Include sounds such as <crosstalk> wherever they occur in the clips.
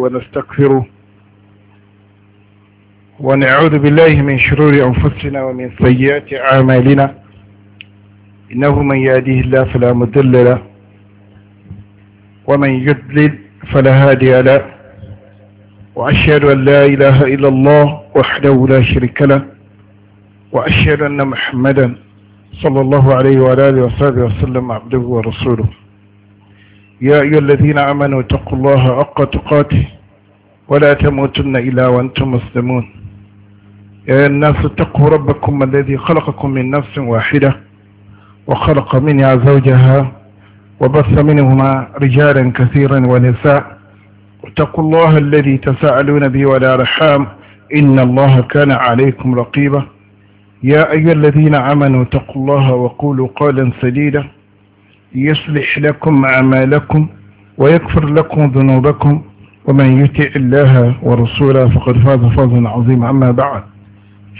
ونستغفره ونعوذ بالله من شرور أنفسنا ومن سيئات أعمالنا إنه من يهديه الله فلا مضل له ومن يضلل فلا هادي له وأشهد أن لا إله إلا الله وحده لا شريك له وأشهد أن محمدا صلى الله عليه وعلى آله وصحبه وسلم عبده ورسوله يا أيها الذين آمنوا اتقوا الله حق تقاته ولا تموتن إلا وأنتم مسلمون يا الناس اتقوا ربكم الذي خلقكم من نفس واحدة وخلق منها زوجها وبث منهما رجالا كثيرا ونساء اتقوا الله الذي تساءلون به والأرحام إن الله كان عليكم رقيبا يا أيها الذين آمنوا اتقوا الله وقولوا قولا سديدا يصلح لكم أعمالكم ويغفر لكم ذنوبكم ومن يطع الله ورسوله فقد فاز فوزا عظيما أما بعد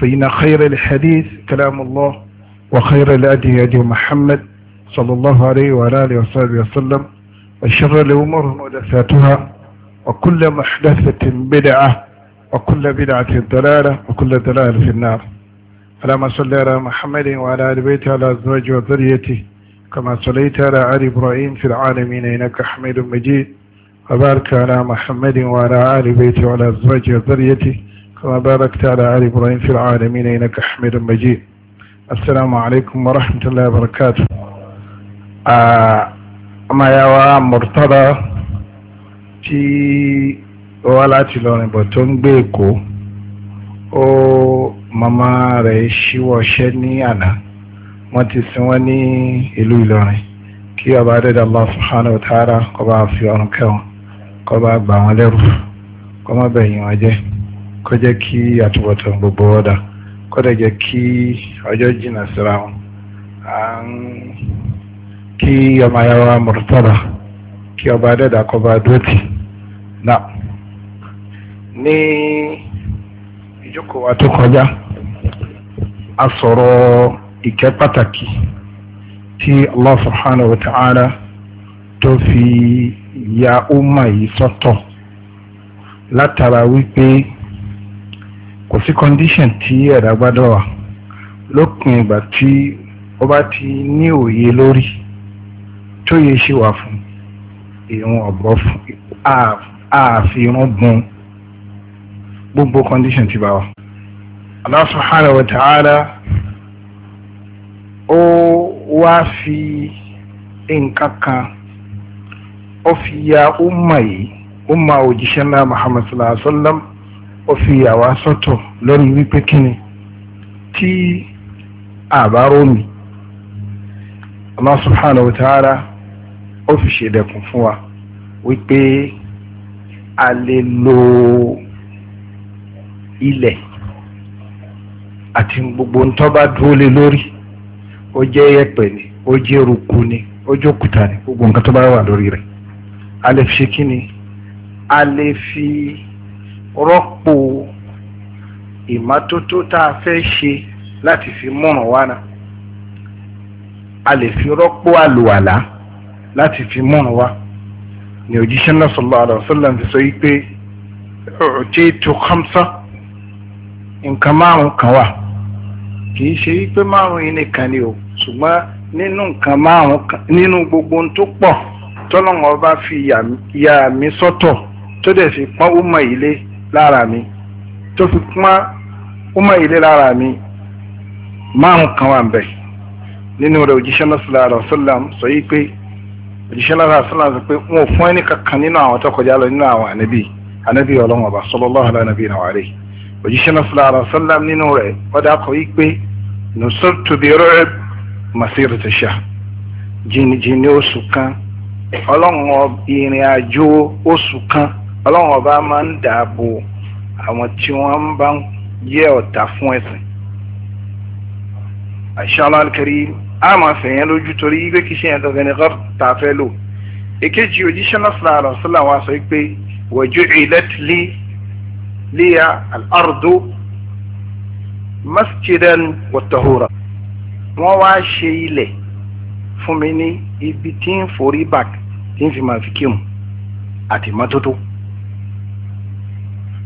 فإن خير الحديث كلام الله وخير الأدي هدي محمد صلى الله عليه وعلى آله وصحبه وسلم وشر الأمور محدثاتها وكل محدثة بدعة وكل بدعة ضلالة وكل ضلالة في النار اللهم صل على محمد وعلى آل بيته وعلى أزواجه وذريته كما صليت على آل إبراهيم في العالمين إنك حميد مجيد وبارك على محمد وعلى آل بيته وعلى أزواجه وذريته كما باركت على آل إبراهيم في العالمين إنك حميد مجيد السلام عليكم ورحمة الله وبركاته آه، أما يا مرتضى في ولا تلون بطن بيكو أو ماما رأي ṣíwọ́ṣẹ́ ní أنا wọ́n ti sin wọ́n ní ìlú Ìlọrin kí ọba adẹ́dẹ́ Allah subhanahu wa ta'ala kó bá fi ọrùn kẹwọn kó bá gbà wọ́n lẹ́rù kó má bẹ̀yìn wọn jẹ́ kó jẹ́ kí àtúbọ̀tán gbogbo ọ̀dà kó dẹ̀ jẹ́ kí ọjọ́ jìnnà síra wọn kí ọmọ ayáwó Murtala kí ọba adẹ́dẹ́ kó bá dúró tì náà ní ìjókòó wa tó kọjá a sọ̀rọ̀ ìkẹ́ pàtàkì tí Allah subhanahu wa ta'ala tó fi ya umma yìí sọ́tọ̀ látara wípé kò sí condition tí ẹ̀dá gbádọ́ wa lópin ìgbà tí ó bá ti ní òye lórí tó yẹ ṣe wà fún ìrún ọ̀bọ fún àfihàn gun gbogbo condition ti bá wa. Allah subhanahu wa ta'ala ó wá fi nǹkan kan ó fi ya umma yìí umma òjíṣẹ́ náà muhammad sallallahu alaihi wa sallam ó fi yàwá sọ́tọ̀ lórí wípé kíni tí àbárò mi allah subhanahu wa ta'ala ó fi ṣèdẹ̀kùn fún wa wípé a lè lo ilẹ̀ àti gbogbo ntọ́ba dúró lórí ó jẹ́ yẹ̀pẹ̀ ni ó jẹ́ eruku ni ó jẹ́ òkúta ni gbogbo nǹkan tó bá wà lórí rẹ̀ a lè fi ṣe kí ni a lè fi rọ́pò ìmọ́tótó tá a fẹ́ ṣe láti fi múràn wá náà a lè fi rọ́pò àlùwàlá láti fi múràn wá ni òjíṣẹ́ náà sallallahu alaihi wasallam sọ pé ọ̀tí tó khamsa nǹkan márùn-ún kan wà kì í ṣe wípé márùn yìí nìkan ni o ṣùgbọ́n nínú nǹkan márùn nínú gbogbo tó pọ̀ tọ́lọ́wọ́n bá fi ya mi sọ́tọ̀ tó dẹ̀ fi pọ́n ọmọ ilé lára mi tó fi pọ́n ọmọ ilé lára mi márùn kan wà bẹ́ẹ̀ nínú rẹ̀ òjíṣẹ́ náà sọ̀rọ̀ àrọ̀ sọ́làm sọ yìí pé òjíṣẹ́ náà sọ̀rọ̀ sọ́làm sọ pé wọn ò fún ẹni kankan nínú àwọn tó kọjá lọ nínú àwọn ànábì ànábì ọlọ́wọ́n sọlọ́lọ́ àlọ́ ànábì náà wà rẹ̀ òjíṣẹ́ náà sọ̀rọ̀ àrọ̀ sọ́làm nínú rẹ̀ ọ̀dà kọ yìí pé nusirtu bi ru'b masirata shahr jìnnìjìnnì oṣù kan ọlọ́run ìrìn àjò oṣù kan ọlọ́run ọba máa ń dààbò àwọn tí wọ́n bá ń yẹ ọ̀tá fún ẹ̀sìn inshallah al-karim a máa fẹ̀yẹ́ lójú torí pé kí sẹ́yìn tó fẹ́ni kọ́ tá a fẹ́ lò èkejì òjíṣẹ́ náà fúnra rẹ̀ sílẹ̀ wá sọ pé wa ju'ilat li liya al masjidan watahura wọ́n wá ṣe ilẹ̀ fún mi ní ibi tí ń forí back tí ń fi máa fi kírun àti mọ́tótó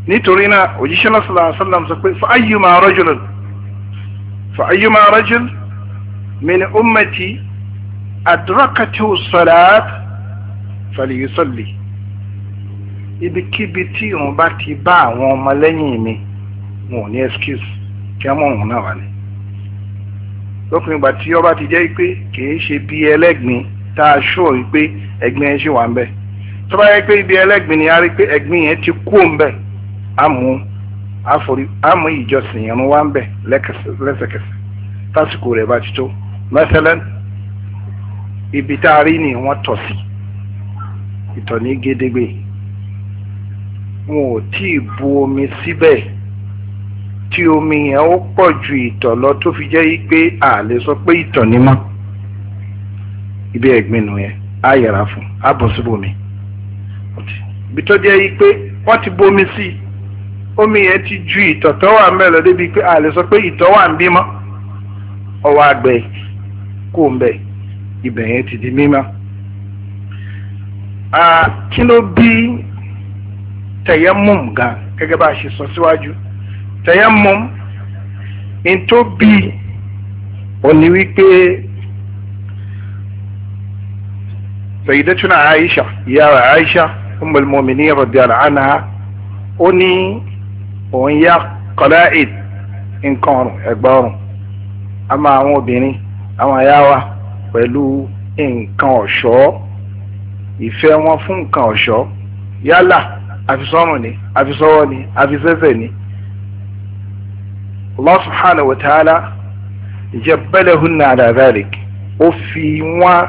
nítorí náà òjíṣẹ́ náà sallallahu alaihi sọ pé fa ayyuma rajulun fa ayyuma rajul min ummati adrakatu salat falyusalli ibikíbi tí òun bá ti bá àwọn ọmọlẹ́yìn mi wọn ò ní excuse kí á mọ̀ òun náà wálé lópin ìgbà tí ọba ti jẹ́ pé kìí ṣe bí ẹlẹ́gbin tá a ṣó rí pé ẹ̀gbin ẹ̀ ṣì wà ń bẹ̀ tó bá yẹ pé ibi ẹlẹ́gbin ni a rí pé ẹ̀gbin yẹn ti kú ń bẹ̀ á mú àforí á mú ìjọsìn ìrún wá ń bẹ̀ lẹ́sẹ̀kẹsẹ̀ tásìkò rẹ̀ bá ti tó mẹ́sẹ̀lẹ́ ibi tá a rí ni wọ́n tọ̀ sí ìtọ̀ ní gédégbé wọn ò tí ì bu omi síbẹ̀ tí omi yẹn ó pọ̀ ju ìtọ̀ lọ tó fi jẹ́ pé a lè sọ pé ìtọ̀ ni mọ́ ibi ẹ̀gbin nù yẹn á yẹra fún á bọ̀ síbòmí ibi tó jẹ́ pé wọ́n ti bomi sí omi yẹn ti ju ìtọ̀ tó wà ń bẹ̀ lọ débi pé a lè sọ pé ìtọ̀ wà ń bímọ ọwọ́ àgbẹ̀ kò ń bẹ̀ ibẹ̀ yẹn ti di mímọ́. kí ló bí tẹ̀yẹ́ mùm gan gẹ́gẹ́ bá a ṣe sọ síwájú. Si tayammum n tó bí òní wípé sayyidatuna aisha ìyá aisha ummul mu'minin radiyallahu anha ó ní òun yá qala'id nǹkan ọrùn ẹ̀gbà ọrùn a máa àwọn obìnrin àwọn aya wa pẹ̀lú nǹkan ọ̀ṣọ́ ìfẹ́ wọn fún nǹkan ọ̀ṣọ́ yálà àfisọ́rùn ni àfisọ́wọ́ ni àfisẹ́sẹ̀ ni Allah subhanahu wa ta'ala jabbalahunna ala dhalik ó fi wọ́n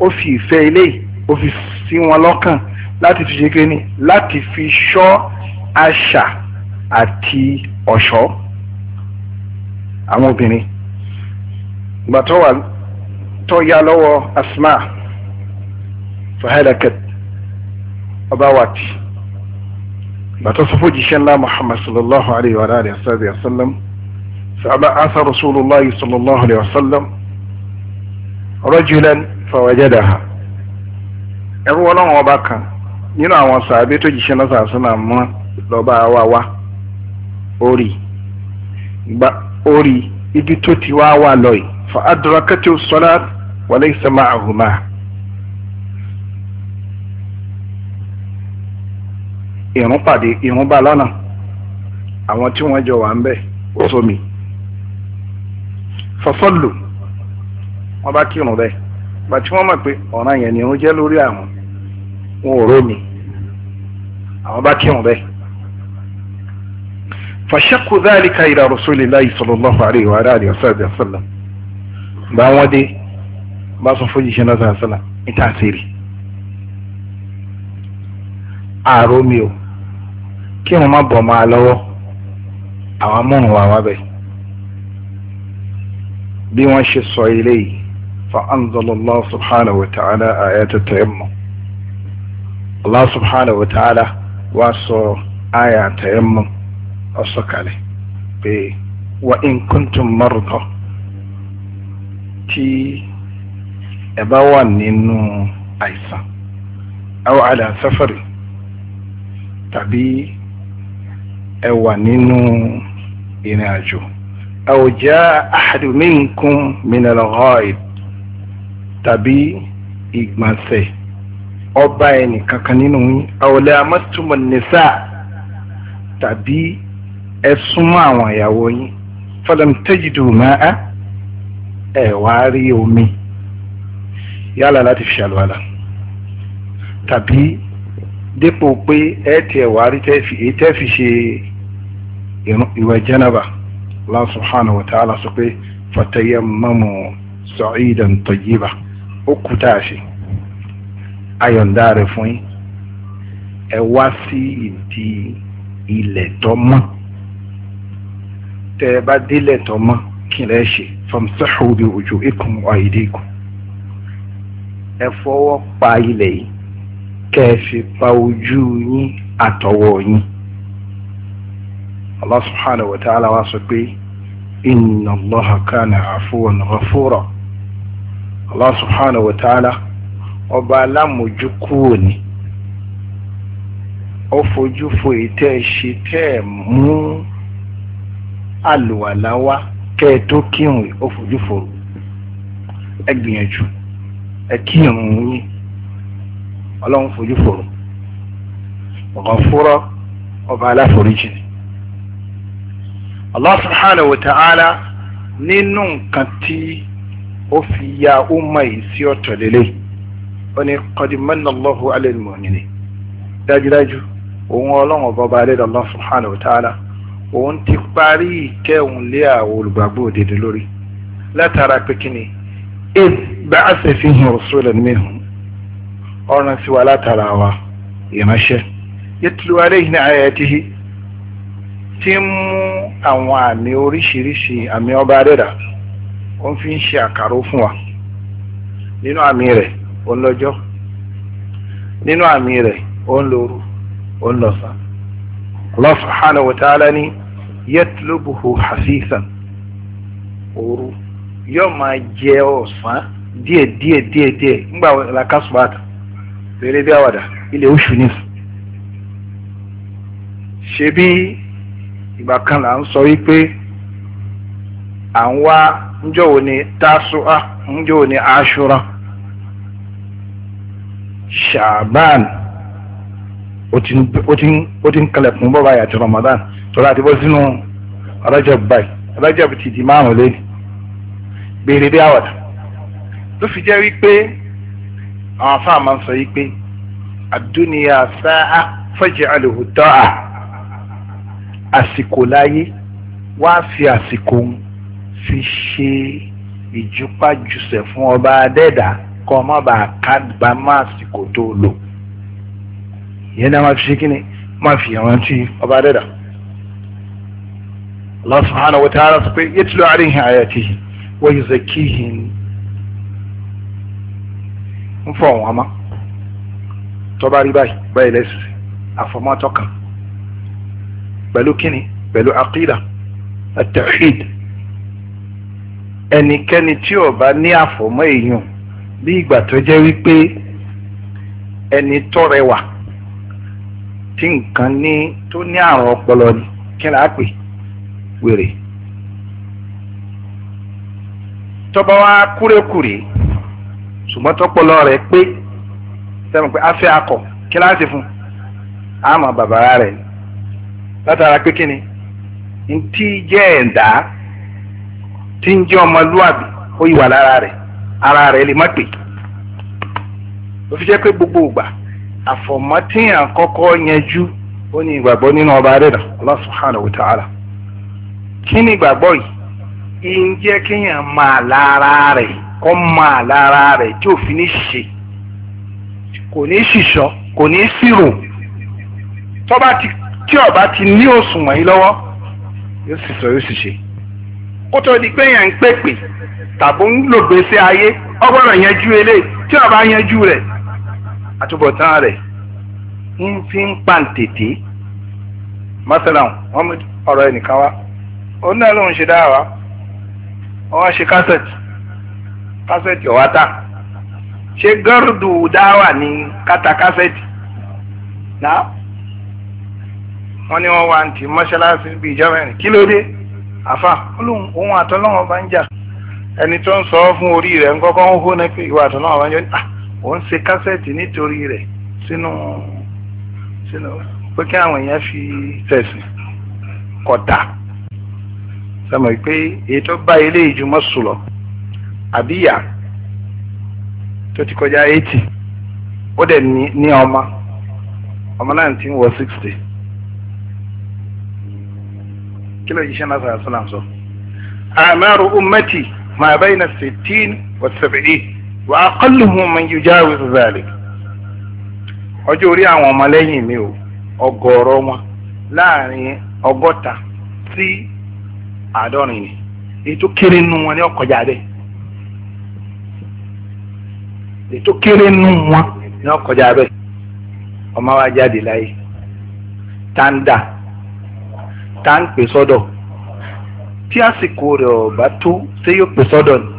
ó fi ìfẹ́ ilé ó fi sí wọn lọ́kàn láti fi ṣe kíni láti fi ṣọ́ àṣà àti ọ̀ṣọ́ àwọn obìnrin ìgbà tó wà tó yá lọ́wọ́ asma fahalakat ọba wa ti ìgbà tó sọ fún jíṣẹ́ ńlá muhammad sallallahu alayhi wa sallam فبعث رسول الله صلى الله عليه وسلم رجلا فوجدها ha. ọlọ́run ọba kan nínú àwọn sàábé tó jíṣẹ́ náà sàásánà mọ́ lọ́ba wa wá orí gba orí igi tó ti wá wà lọ yìí fa adrakati salat wa laysa ma'ahuma. ìrún pàdé ìrún bá lọ́nà àwọn tí wọ́n jọ wà ń bẹ̀ ó sọ mi. fọsọ́lù wọ́n bá kírun bẹ́ẹ̀ ìgbà tí wọ́n mọ̀ pé ọ̀ràn yẹn ni òun jẹ́ lórí àwọn wọn ò rómi àwọn bá kírun bẹ́ẹ̀. fàṣẹ́kù dhalika ila rasulillahi sallallahu alayhi wa alihi wa sallam bá wọ́n dé bá sọ fún jíṣẹ́ náà sàlá níta àṣírí àrómi o kírun má bọ̀ máa lọ́wọ́ àwọn amóhùn wa bẹ́ẹ̀ bí wọ́n ṣe sọ eléyìí fa anzalallahu subhanahu wa ta'ala ayata tayammum allah subhanahu wa ta'ala wá sọ aya tayammum ọsọ kalẹ̀ pé wa in kuntum marda tí ẹ bá wà nínú àìsàn aw ala safari tàbí ẹ wà nínú ìrìn àjò. أو جاء أحد منكم من الغائب tàbí ìgbọ̀nsẹ̀ ọba ẹnì kankan nínú yín àwòlẹ́ amọ́túmọ̀ nìsà tàbí ẹ súnmọ́ àwọn ìyàwó yín fọlọ́n tẹ́jìdù máa ẹ̀ wá rí omi yálà láti fi ṣàlùwàlà tàbí dípò pé ẹ tiẹ̀ wá rí tẹ́ fi ṣe ìwẹ̀ jẹ́nàbà. Allah subhanahu wa ta'ala sọ pé fatayammamu sa'idan tayyiba ó kú tá a ṣe ayọ̀ǹda rẹ̀ fún yín ẹ wá sí ìdí ilẹ̀ tó mọ́ tẹ ẹ bá délẹ̀ tó mọ́ kí lẹ́ ṣe famsahu bi wujuhikum wa aydikum ẹ fọwọ́ pa ilẹ̀ yìí kẹ́ ẹ fi pa ojú yín àtọwọ́ yín. Allah subhanahu wa ta'ala wa sọ pé inna Allah kana afuwan ghafura Allah subhanahu wa ta'ala ọba alámòjú kúrò ní ó fojú fo ìtẹ́ ṣe tẹ́ ẹ̀ mú àlùwàlá kẹ́ ẹ tó kírun ó fojú fo ẹ gbìyànjú ẹ kírun yín ọlọ́run fojú fo ọ̀gànfúrọ́ ọba aláforíjì ni. Allah subhanahu wa ta'ala nínú nǹkan tí ó fi ya umma yìí sí ọ̀tọ̀ lélẹ̀ ó ní qad manna Allahu 'ala al-mu'minin dájúdájú òun ọlọ́run bọba alẹ́ Allah subhanahu wa ta'ala òun ti parí ìkẹ́hùn lé àwọn olùgbàgbọ́ òdèdè lórí látara pé kí ni id ba'atha fihim rasulan minhum ọ̀ràn sí wa látara wa ìránṣẹ́ yatlu alayhim ayatihi. tí ń mú àwọn àmì oríṣiríṣi àmì ọba adẹ́dà ó fi ń ṣe àkàró fún wa nínú àmì rẹ̀ ó ń lọ́jọ́ nínú àmì rẹ̀ ó ń lóru ó ń lọ́sàn. Allah subhanahu wa ta'ala hasisan òru yóò máa jẹ ọ̀sán díẹ díẹ díẹ díẹ ńgbà làkàsùbàtà bí àwàdà ilé oṣù ìgbà kan là ń sọ wípé à ń wá njọ́ wo ni tásùá njọ́ wo ni aṣúra ṣàbán ó ti ń kalẹ̀kùn bọ́ Ramadan tọ́lá àti bọ́ sínú Rajab báyìí ti di márùn lẹ́nu béèrè dé àwàdà ló fi jẹ́ wípé àwọn afáàmà ń sọ wípé sáà àsìkò láyé wá fi àsìkò ń fi ṣe ìjúpájúṣe fún ọba adẹ́dà kọ́ má bàa kábàámọ̀ àsìkò tó lò yẹn náà má fi ṣe kí ni má fi rántí ọba adẹ́dà. Allah subhanahu wa ta'ala sọ pé yatlu alayhi ayatihi wa yuzakkihim ń fọ̀ wọ́n mọ́ tọ́ba rí báyìí báyìí lẹ́sìn àfọmọ́tọ́ kan. pẹ̀lú kíni pẹ̀lú aqida at ẹnikẹ́ni tí ó bá ní àfọ̀mọ́ èèyàn bí ìgbà tó jẹ́ wípé ẹni tó tí nǹkan ní tó ní àrùn ọpọlọ ni kí ni a pè wèrè tọ́ba wa kúrékùrè ṣùgbọ́n tọ́pọlọ rẹ̀ pé sẹ́mi pé afẹ́ látara pé kíni ntí jẹ́ ẹ̀dá tí ń jẹ́ ọmọlúwàbí ó yìí wà lára rẹ̀ ara rẹ̀ lè má pè ó fi jẹ́ pé gbogbo ìgbà àfọ̀mọ́tíyàn kọ́kọ́ yanjú ó ní ìgbàgbọ́ nínú ọba adẹ́dà Allah subhanahu wa kí ni ìgbàgbọ́ yìí ń jẹ́ máa lára rẹ̀ kọ́ máa lára rẹ̀ tí òfin ní ṣe kò ní ṣìṣọ́ kò ní sírò tọ́ba ti tí ọba ti ní òṣùwọ̀n yìí lọ́wọ́ yóò sì sọ yóò sì ṣe kó tó di pé yẹn ń pèpè tàbí ń lò gbèsè ayé ọgbọ́dọ̀ yanjú eléyìí tí ọba yanjú rẹ̀ àtúbọ̀tán rẹ̀ ń fi ń pàǹtètè masalan wọn mú ọ̀rọ̀ ẹnìkan wá òun náà lòun ṣe dára wá wọn ṣe kásẹ̀tì kásẹ̀tì ọ̀wá tà ṣe gọ́rùdù dáwà ní kátà kásẹ̀tì náà. wọ́n ní wọ́n wà ti mọ́ṣáláṣí bíi ìjọba ẹ̀rìn kí ló dé àfa ohun àtọ́lọ́wọ́n bá ń jà ẹni tó ń sọ fún orí rẹ̀ ń kọ́kọ́ ń hó pé ìwà àtọ́lọ́wọ́n bá ń òun ṣe kásẹ̀tì nítorí rẹ̀ sínú sínú pé kí àwọn èèyàn fi sọmọ pé èyí tó bá ilé ìjùmọ̀ àbíyà tó ọmọ kí ló yíṣẹ́ náà sọ̀rọ̀ sọ́nà sọ. àmàrù ummati ma bayna sittin wa sab'in wa aqalluhum man yujawizu zalik. ọjọ́ orí àwọn ọmọlẹ́yìn mi o ọgọ́rọ̀ wọn láàrin ọgọ́ta sí àádọ́rin ni ètò kéré nù wọn ní ọkọjà dẹ ètò kéré nù wọn ní ọkọjà bẹ ọmọ wa jáde láyé tanda. ta à ń pè tí àsìkò rẹ̀ ò tó ṣé yóò pè sọdọ ni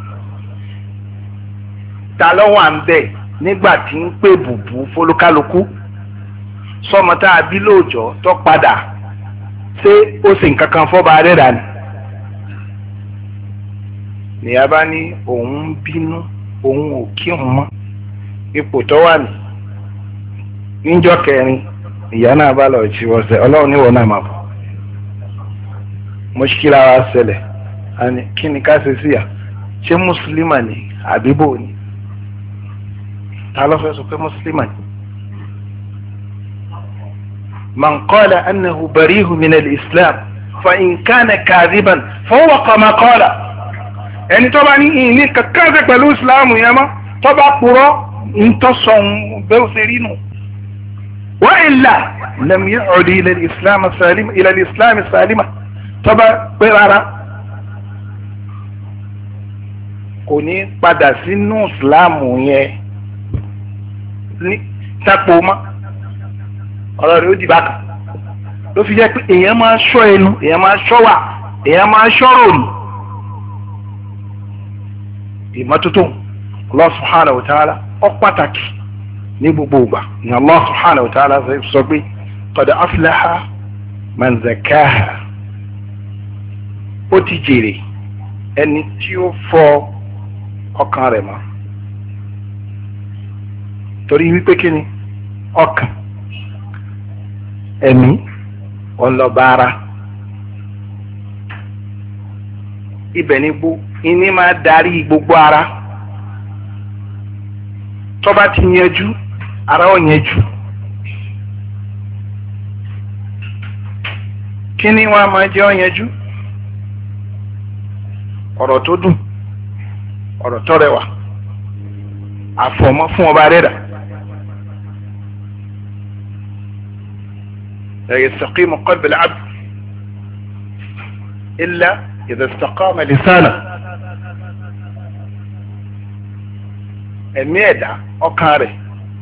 ta ń bẹ̀ nígbà tí ń pè bùbù fólúkálukú sọmọ tá a bí lóòjọ́ tó padà ṣé ó sì nǹkan kan rẹ̀ bá ní òun mushkila wa ṣẹlẹ̀ àní kini ni siya che muslima à ṣé ni àbíbò ni ta ló fẹ́ sọ pé mùsùlùmá ni. من قال أنه بريء من الإسلام فإن كان كاذبا فهو كما قال ẹni tó bá ní ìní kakaze kwa pẹ̀lú ìsìláàmù yẹn mọ́ tó bá purọ́ ń tó sọ bẹ́ẹ̀ ó ṣe rí nù. وإلا salima يعد إلى الإسلام السالم tọ́ba pé rárá kò ní padà sínú ìsìláàmù yẹn ní sápò mọ́ ọ̀rọ̀ rẹ̀ ó di bákan ló fi jẹ́ pé èèyàn máa ẹnu èèyàn máa ṣọ́ wà èèyàn máa ìmọ́tótó pàtàkì ní gbogbo ìgbà ni Allah sọ pé ó ti jèrè ẹni tí ó fọ ọkàn rẹ mọ torí wípé kí ni ọkàn ẹ̀mí ọlọba ara ibẹ̀ ni gbó iní máa darí gbogbo ara tọba ti yanjú ara ò yanjú kí ni wọ́n á máa jẹ́ ọ̀ yanjú. ọ̀rọ̀ tó dùn ọ̀rọ̀ tó àfọ̀mọ́ fún ọba rẹ̀dà. لا يستقيم قلب العبد إلا إذا استقام لسانه ẹ̀mí ẹ̀dá ọkàn rẹ̀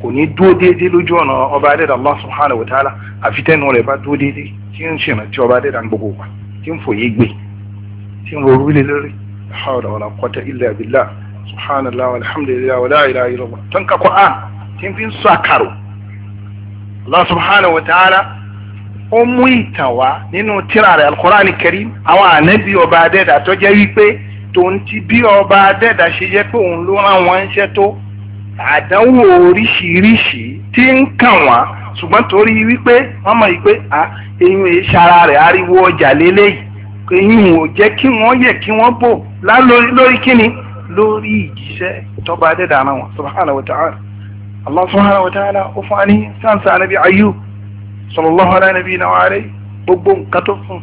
kò ní dúó déédéé lójú ọ̀nà ọba adéda Allah subhanahu wa ta'ala àfi tẹ́nu rẹ̀ bá dúó déédéé tí ń ṣèrántí ọba adéda gbogbo wa tí ń fòye gbé tí ń ro orílẹ̀ lórí hawla wala quwwata illa billah subhanallah walhamdulillah wala ilaha illallah tan ka qur'an tin fin sa karo allah subhanahu wa ta'ala ó mú ìtàn wá nínú tírà rẹ̀ alukurani karim àwọn ànábì ọba adẹ́dà tó jẹ́ wípé tòun ti bí ọba adẹ́dà ṣe jẹ́ pé òun ló rán wọn ṣẹ́ tó àdánwò oríṣiríṣi tí ń kàn wá ṣùgbọ́n torí wípé wọ́n mọ̀ wípé à eyín èé rẹ̀ ariwo ọjà lélẹ́yìí èyí ò jẹ́ kí wọ́n yẹ kí wọ́n bò lórí lórí kíni lórí ìjíṣẹ́ tọ́ba adẹ́dà ara wọn subhanahu wa ta'ala allah subhanahu wa ta'ala ó fún ani sáǹsà anabi ayub sallallahu ala nabi na wàhálẹ́ gbogbo nǹkan tó fún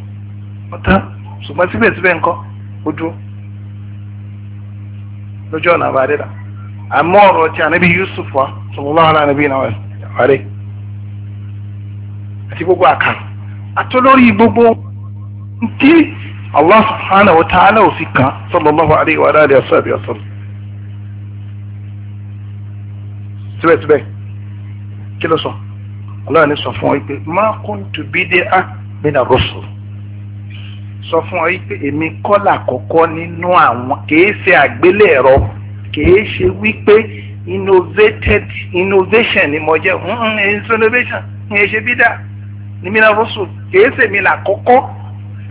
ọ̀tá ṣùgbọ́n síbẹ̀síbẹ̀ nǹkan ó dúró lójú ọ̀nà àbá adẹ́dà àmọ́ ọ̀rọ̀ ti anabi yusuf wa sallallahu ala nabi na wàhálẹ́ àti gbogbo àkàrà àtọ́lórí gbogbo. ntí allah subhanahu wa ta'ala ò fi kàn sallallahu alayhi wa alayhi wa sallam sibe kí ló sọ allah ni sọ fún ọ pé ma kuntu bid'a mina rusul sọ fún ọ pé èmi kọ́là kọ́kọ́ nínú àwọn kìí ṣe àgbélẹ̀rọ kìí ṣe wípé innovated innovation ni mo jẹ́ innovation kìí ṣe bídà ni mina rusul kìí ṣe mi là kọ́kọ́.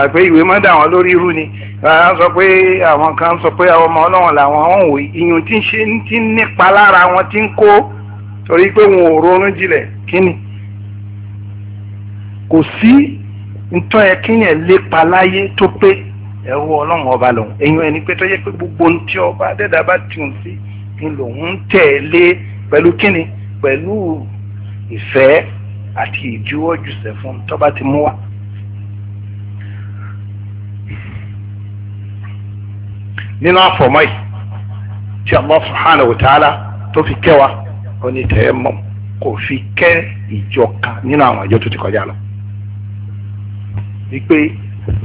àpé ìwé mọ́ dà wọ́n lórí irú ni wọ́n sọ pé àwọn kan sọ pé àwọn ọmọ ọlọ́run làwọn ń wò ìyún tí ń ṣe ti ń nípa lára wọn ti ń kó torí pé wọn ò ronú jinlẹ̀ kíni kò sí ntọ́ yẹ kíyàn lépa láyé tó pé ẹ̀wọ́ ọlọ́run ọba lòun èyàn ẹni pé tó yẹ pé gbogbo ohun tí ọba adẹ́dá bá tiùn sí ni lòun ń tẹ̀lé pẹ̀lú kíni pẹ̀lú ìfẹ́ àti ìjuwọ́jùsẹ̀ fún tọ́ba ti mú wa. nínú àfọ̀mọ́ yìí tí Allah subhanahu wa ta'ala tó fi kẹwa ó ní tayammum kò fi kẹ́ ìjọ kan nínú àwọn ìjọ tó ti kọjá lọ. wípé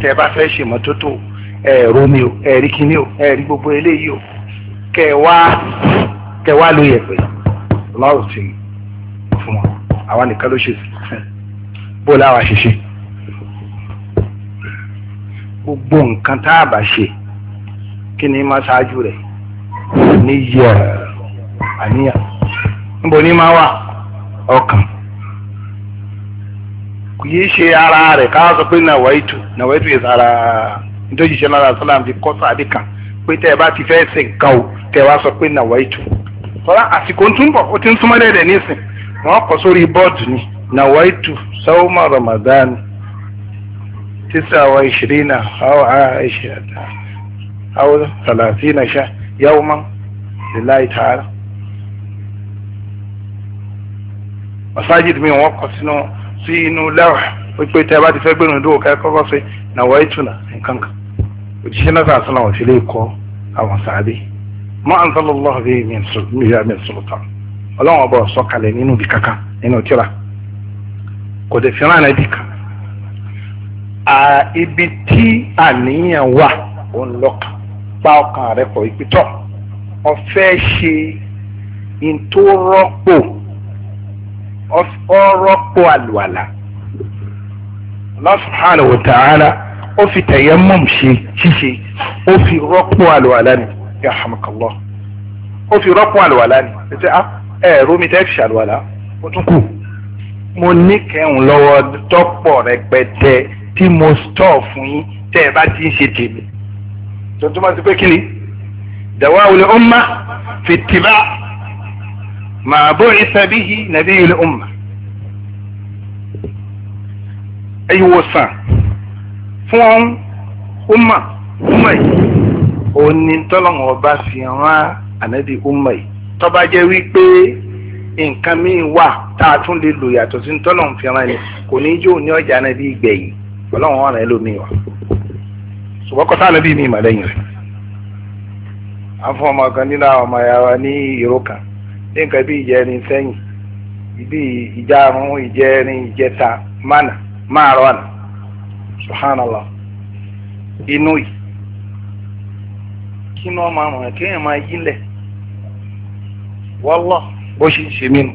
tẹ bá fẹ́ ṣe mọ́tótó ẹ romi o ẹ rí kíní o ẹ rí gbogbo eléyìí o kẹ wá kẹ wá ló yẹ pé lọ́rùn ti fún wọn àwa nìkan ló ṣe bó láwa ṣe ṣe gbogbo nǹkan tá a bá ṣe kí ni máa ṣáájú rẹ̀ ní yẹ àníyàn níbo ni máa wà ọkàn kò yí ṣe ara rẹ̀ ká sọ pé nàwáìtù nàwáìtù yẹ sára nítorí ṣe lára sálàm fi kọ́ sáà dìkan pé tẹ́ ẹ bá ti fẹ́ ṣe nǹkan o tẹ́ ẹ wá sọ pé nàwáìtù tọ́lá àsìkò ń túbọ̀ ó ti ń súnmọ́ dẹ̀dẹ̀ nísìn wọ́n kọ́ sórí bọ́ọ̀dù ni nàwáìtù sawma Ramadan tíṣà wa ìṣirí náà àwọn àìṣe àtàwọn. أو ثلاثين شهر يوما لله تعالى masajid mi wọn kọ sínú si inú lẹ́wà wípé tẹ́ bá ti fẹ́ gbẹ̀rún ìdúró kẹ́kọ̀ọ́ kọ́ sí nàwọ̀ ìtùnà nǹkan kan òjíṣẹ́ náà sàásùn náà òṣèlè kọ́ àwọn sàábì mọ́ ansalọ́lọ́hùn bíi mi ìyá mi sọ̀tàn ọlọ́run ọba ọ̀sọ́kalẹ̀ nínú pa ọkàn rẹ pọ̀ ìpìtọ́ ọ̀fẹ́ ṣe ntó rọ́pò ọ̀rọ́pò àlùwàlà Allah subhanahu wa ta'ala ó fi tayammum ṣe ṣíṣe ó fi rọ́pò àlùwàlà ni ya hamakallah ó fi rọ́pò àlùwàlà ni ẹ ti ah, ẹ rómi tẹ́ fi ṣàlùwàlà ó tún kù mo ní kẹ́hùn lọ́wọ́ tọ́pọ̀ rẹpẹtẹ tí mo stọ̀ fún yín tẹ́ ẹ bá ti ń ṣe tèmi tó túmọ̀ sí pé kí ni dàwa wuli umma fi tìbá màá bó ìsàbíhi nàbí yìí umma ìwòsàn fún umma umma yìí òní tọ́lọ́mù ọba fi hàn ànábì umma yìí tọ́ba jẹ́ wípé nǹkan míì wà tá a tún lè lò yàtọ̀ sí tọ́lọ́mù fi hàn ni kò ní í jó ní ọjà náà bí ìgbẹ̀yìn ọlọ́run ọ̀ràn ẹlòmíì wà ṣùgbọ́n kọ́tà níbi mi ìmọ̀ lẹ́yìn rẹ̀ a fún ọmọ kan nínú àwọn ọmọ yàrá ní ìró kan ní nǹkan bí ìjẹrin sẹ́yìn ibi ìjárun ìjẹrin ìjẹta mánà máàrọ̀ àná subhanallah inú yìí kí ni wọ́n máa rùn kéèyàn máa yílẹ̀ wọ́lọ́ bó ṣe ń ṣe mí nu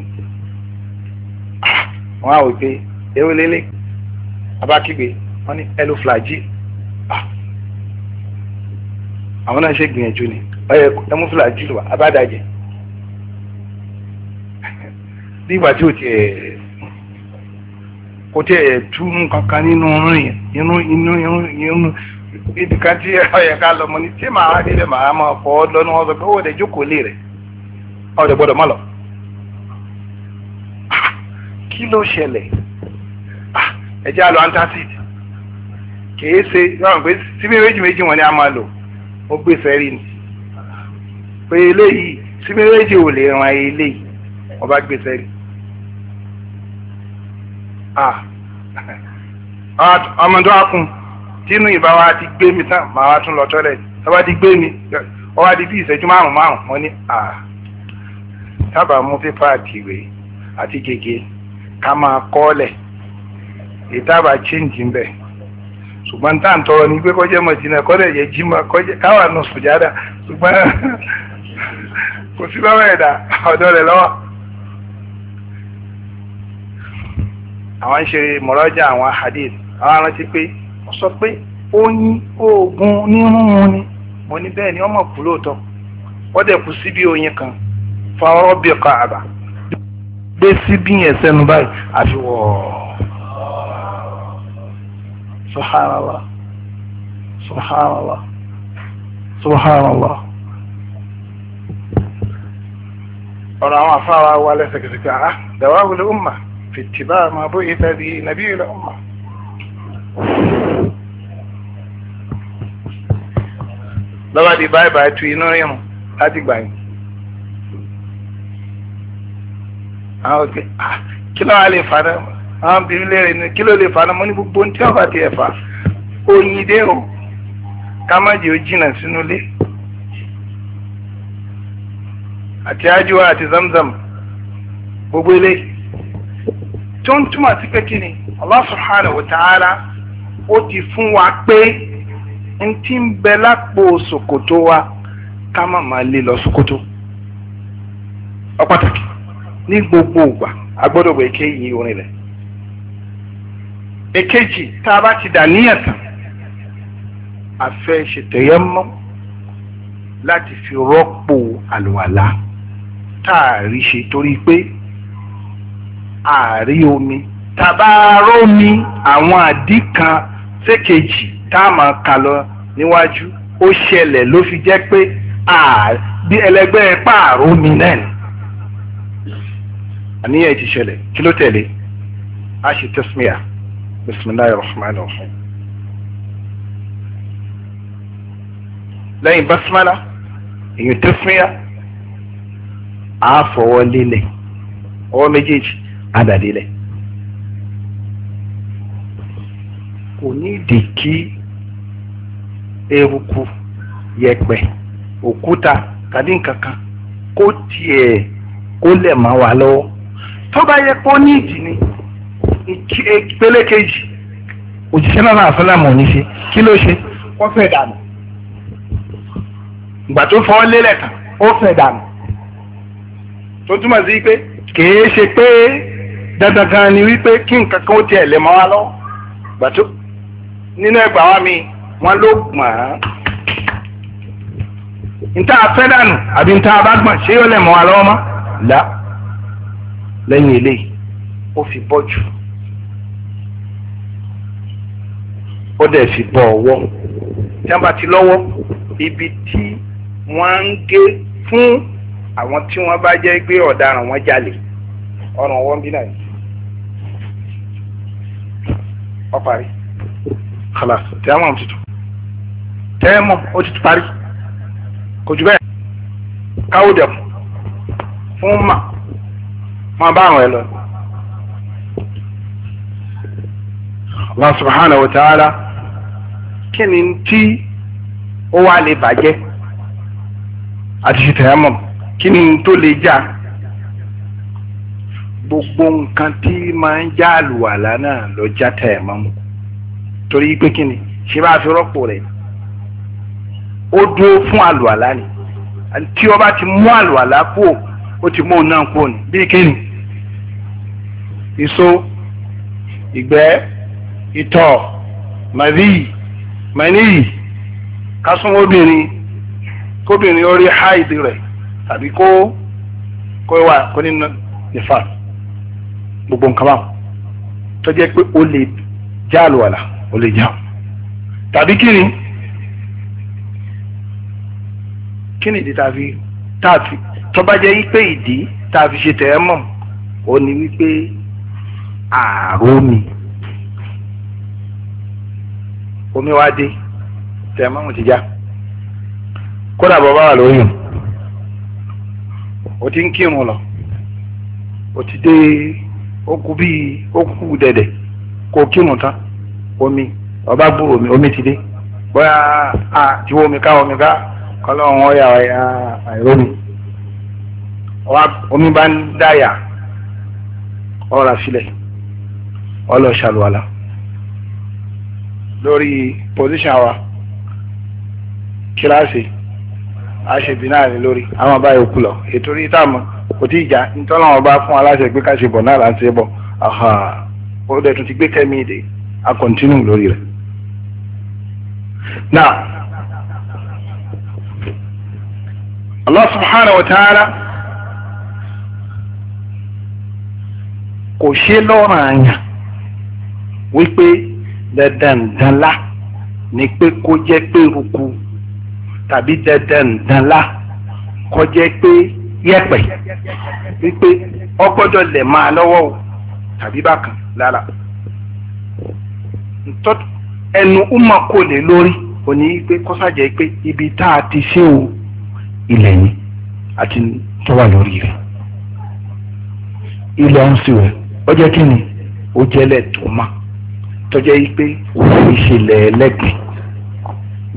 ah, wọ́n á wò pé ewé lélẹ̀ abákígbe wọ́n ní ẹlòflagil àwọn náà ṣe gbìyànjú ni ọyẹ ẹmúfìlà jùlọ abádàjẹ bí ìgbà tí ò tiẹ̀ kò tiẹ̀ tú kankan nínú ọrùn yẹn inú inú inú ibi kan tí ọyẹ ká lọ mọ ni tí màá nílẹ̀ màá máa fọ́ ọ lọ́nà wọn sọ pé ó dẹ̀ jókòó lé rẹ̀ ọ̀ dẹ̀ gbọ́dọ̀ má lọ ah, kí ló ṣẹlẹ̀ ah, ẹ̀jẹ̀ àlọ́ antacid kìí ṣe yọ̀rọ̀ pé síbí méjì méjì wọn ni a máa lò ó gbé sẹ́rí ni pé eléyìí sí méjèèjì ò lè ran eléyìí wọ́n bá gbé sẹ́rí. ọmọdé wa kún tínú ìbá wa ti gbé mi tán màá wa tún lọ tọ́lẹ̀ tọ́ba ti gbé mi ọba ti bí ìṣẹ́jú márùn-ún márùn-ún wọ́n ní tábà mú pépà àti ìwé àti gègé ká máa kọ́ ọ́lẹ̀ ìtàbà chíǹjì ń bẹ̀ ṣùgbọ́n tá à ń tọrọ ní pé kọjá mọ̀jìnà kọ́dẹ̀ yẹ jimá kọjá káwà nù sùjádà ṣùgbọ́n <laughs> kò sí lọ́wọ́ ẹ̀dá ọ̀dọ́ rẹ̀ lọ́wọ́. àwọn ń ṣe mọ̀rọ́jà àwọn hadith àwọn arántí pé wọ́n sọ pé oyin oògùn onírúurú ni mo ní bẹ́ẹ̀ ni wọ́n mọ̀ kú lóòótọ́ wọ́n dẹ̀ kú síbi oyin kan fọwọ́ bí ọkọ̀ àbá gbé síbi yẹn sẹ́nu báyìí àfi wọ̀ọ́ subhanallah subhanallah subhanallah ọ̀rọ̀ àwọn afárá wa lẹ́sẹ̀kẹsẹ̀kẹ́ àá ah, ah, dàwáwò lè umma fi tìbá máa bó ìfẹ́ bí nàbí ilẹ̀ umma lọ́wọ́ di báyìí báyìí tu inú rírun láti gbà yín àwọn òkè ah, kí lọ́wọ́ lè fa náà àwọn obìnrin lẹ́rìn ní kí ló lè fa na mo ní gbogbo ní tí wọ́n bá ti ẹ̀ fà oyin dé o ká má jẹ́ ó sínú ilé àti zamzam gbogbo ilé tó ń túmọ̀ sí pé kí ni Allah subhanahu ti fún wa pé n ti ń bẹ lápò wa ká má máa lé lọ ṣòkòtò ọ pàtàkì ní gbogbo agbọ́dọ̀ orin èkejì tá a bá ti dà níyàn tán a fẹ́ ṣètẹ̀yẹ mọ́ láti fi rọ́pò àlùwàlá tá a rí ṣe torí pé a rí omi tá a bá rómi àwọn àdí kan sékejì tá a máa kà lọ níwájú ó ṣẹlẹ̀ ló fi jẹ́ pé bí ẹlẹgbẹ́ pààrọ̀ mi náà ni àníyàn ti ṣẹlẹ̀ kí ló tẹ̀lé a ṣe tẹ́símíà. بسم الله الرحمن الرحيم lẹ́yìn basmala èyí tó fúnyà á fọwọ́ lílẹ̀ kò ní ìdí kí eruku yẹ̀pẹ̀ òkúta tàbí nǹkan kan kó kó lẹ̀ máa wà lọ́wọ́ tó bá ní ìdí ni. ìpele kejì òjíṣẹ́ náà náà fẹ́lẹ́ mọ̀ ní ṣe kí ló ṣe ó fẹ́ dànù ìgbà tó fọ́ lélẹ̀ tán ó fẹ́ dànù tó túmọ̀ sí pé kìí ṣe pé dandan kan ni wípé kí nǹkan kan ó tiẹ̀ lè mọ́ wa lọ́wọ́ ìgbà tó nínú ẹgbàá wa mi wọ́n ló gbọ̀n án nta afẹ́ dànù àbí nta abágbọ̀n ṣé yóò lè mọ́ wa lọ́wọ́ mọ́ là lẹ́yìn eléyìí ó fi bọ́ jù. ó dẹ̀ fi bọ́ ọwọ́ tí wọ́n bá ti lọ́wọ́ ibi tí wọ́n ń gé fún àwọn tí wọ́n bá jẹ́ pé ọ̀daràn wọn jalè ọ̀ràn wọn bí náà ọ parí kàlá tẹ́mọ̀ tuntun tẹ́mọ̀ ó ti parí kò jù bẹ́ẹ̀ káwó dẹ̀ fún mà máa bá àwọn ẹ lọ. Allah subhanahu wa ta'ala kí ni tí ó wá lè bàjẹ́ àti ṣe tẹ̀yàmọ̀ kí ni tó lè já gbogbo nǹkan tí máa ń já àlùwàlá náà lọ já tẹ̀yàmọ̀ mu torí pé kí ni bá fi rọ́pò rẹ̀ ó dúró fún àlùwàlá ni tí ó ti mú àlùwàlá kúò ó ti mú òun náà kúò ní bí kí ìso ìgbẹ́ ìtọ̀ màdíyì mẹ́nìyì ká súnmọ́ obìnrin kóbìnrin ó rí haid rẹ̀ tàbí kó kó wà kó ní nífà gbogbo nǹkan báwọn tó jẹ́ pé ó lè já àlùwàlà ó lè já tàbí kí ni kí ni ìdí tàbí tàbí tó bá jẹ́ wípé ìdí tàbí ṣe tẹ̀ ẹ́ mọ̀ ó ní wípé ààrùn mi. omi wa dé tẹ̀mọ́mù ti já kódà bọ́ bá lóyún o ti ń kírun lọ o ti dé bíi dẹ̀dẹ̀ o kírun tán omi ọba gbúrò omi omi ti dé bóyá a ti wo omi ká omi ká omi bá ń dáyà ọ̀rà lórí position wa kíláàsì àṣebìnà lórí àwọn ọba yòókù ètò orí táàmù kò tí ì jà nítorí àwọn ọba fún aláṣẹ gbé ṣe bọ̀ náà láti ń ó tún ti gbé kẹ́mi ìdè a continue lórí Allah subhanahu wa ta'ala kò ṣe àyàn wípé. dandanla ni pé kó jẹ́ pé ruku tàbí dandanla kó jẹ́ pé yẹ̀pẹ̀ wípé ọgbọ́dọ̀ lẹ̀ máa lọ́wọ́ o tàbí bákan lára ẹnu ụmọ kò lè lórí òní pé kọ́sàjẹ́ pé ibi tá ti ṣe o ilẹ̀ àti tọ́jọ́ yìí pé ìṣẹ̀lẹ̀ ẹlẹ́dì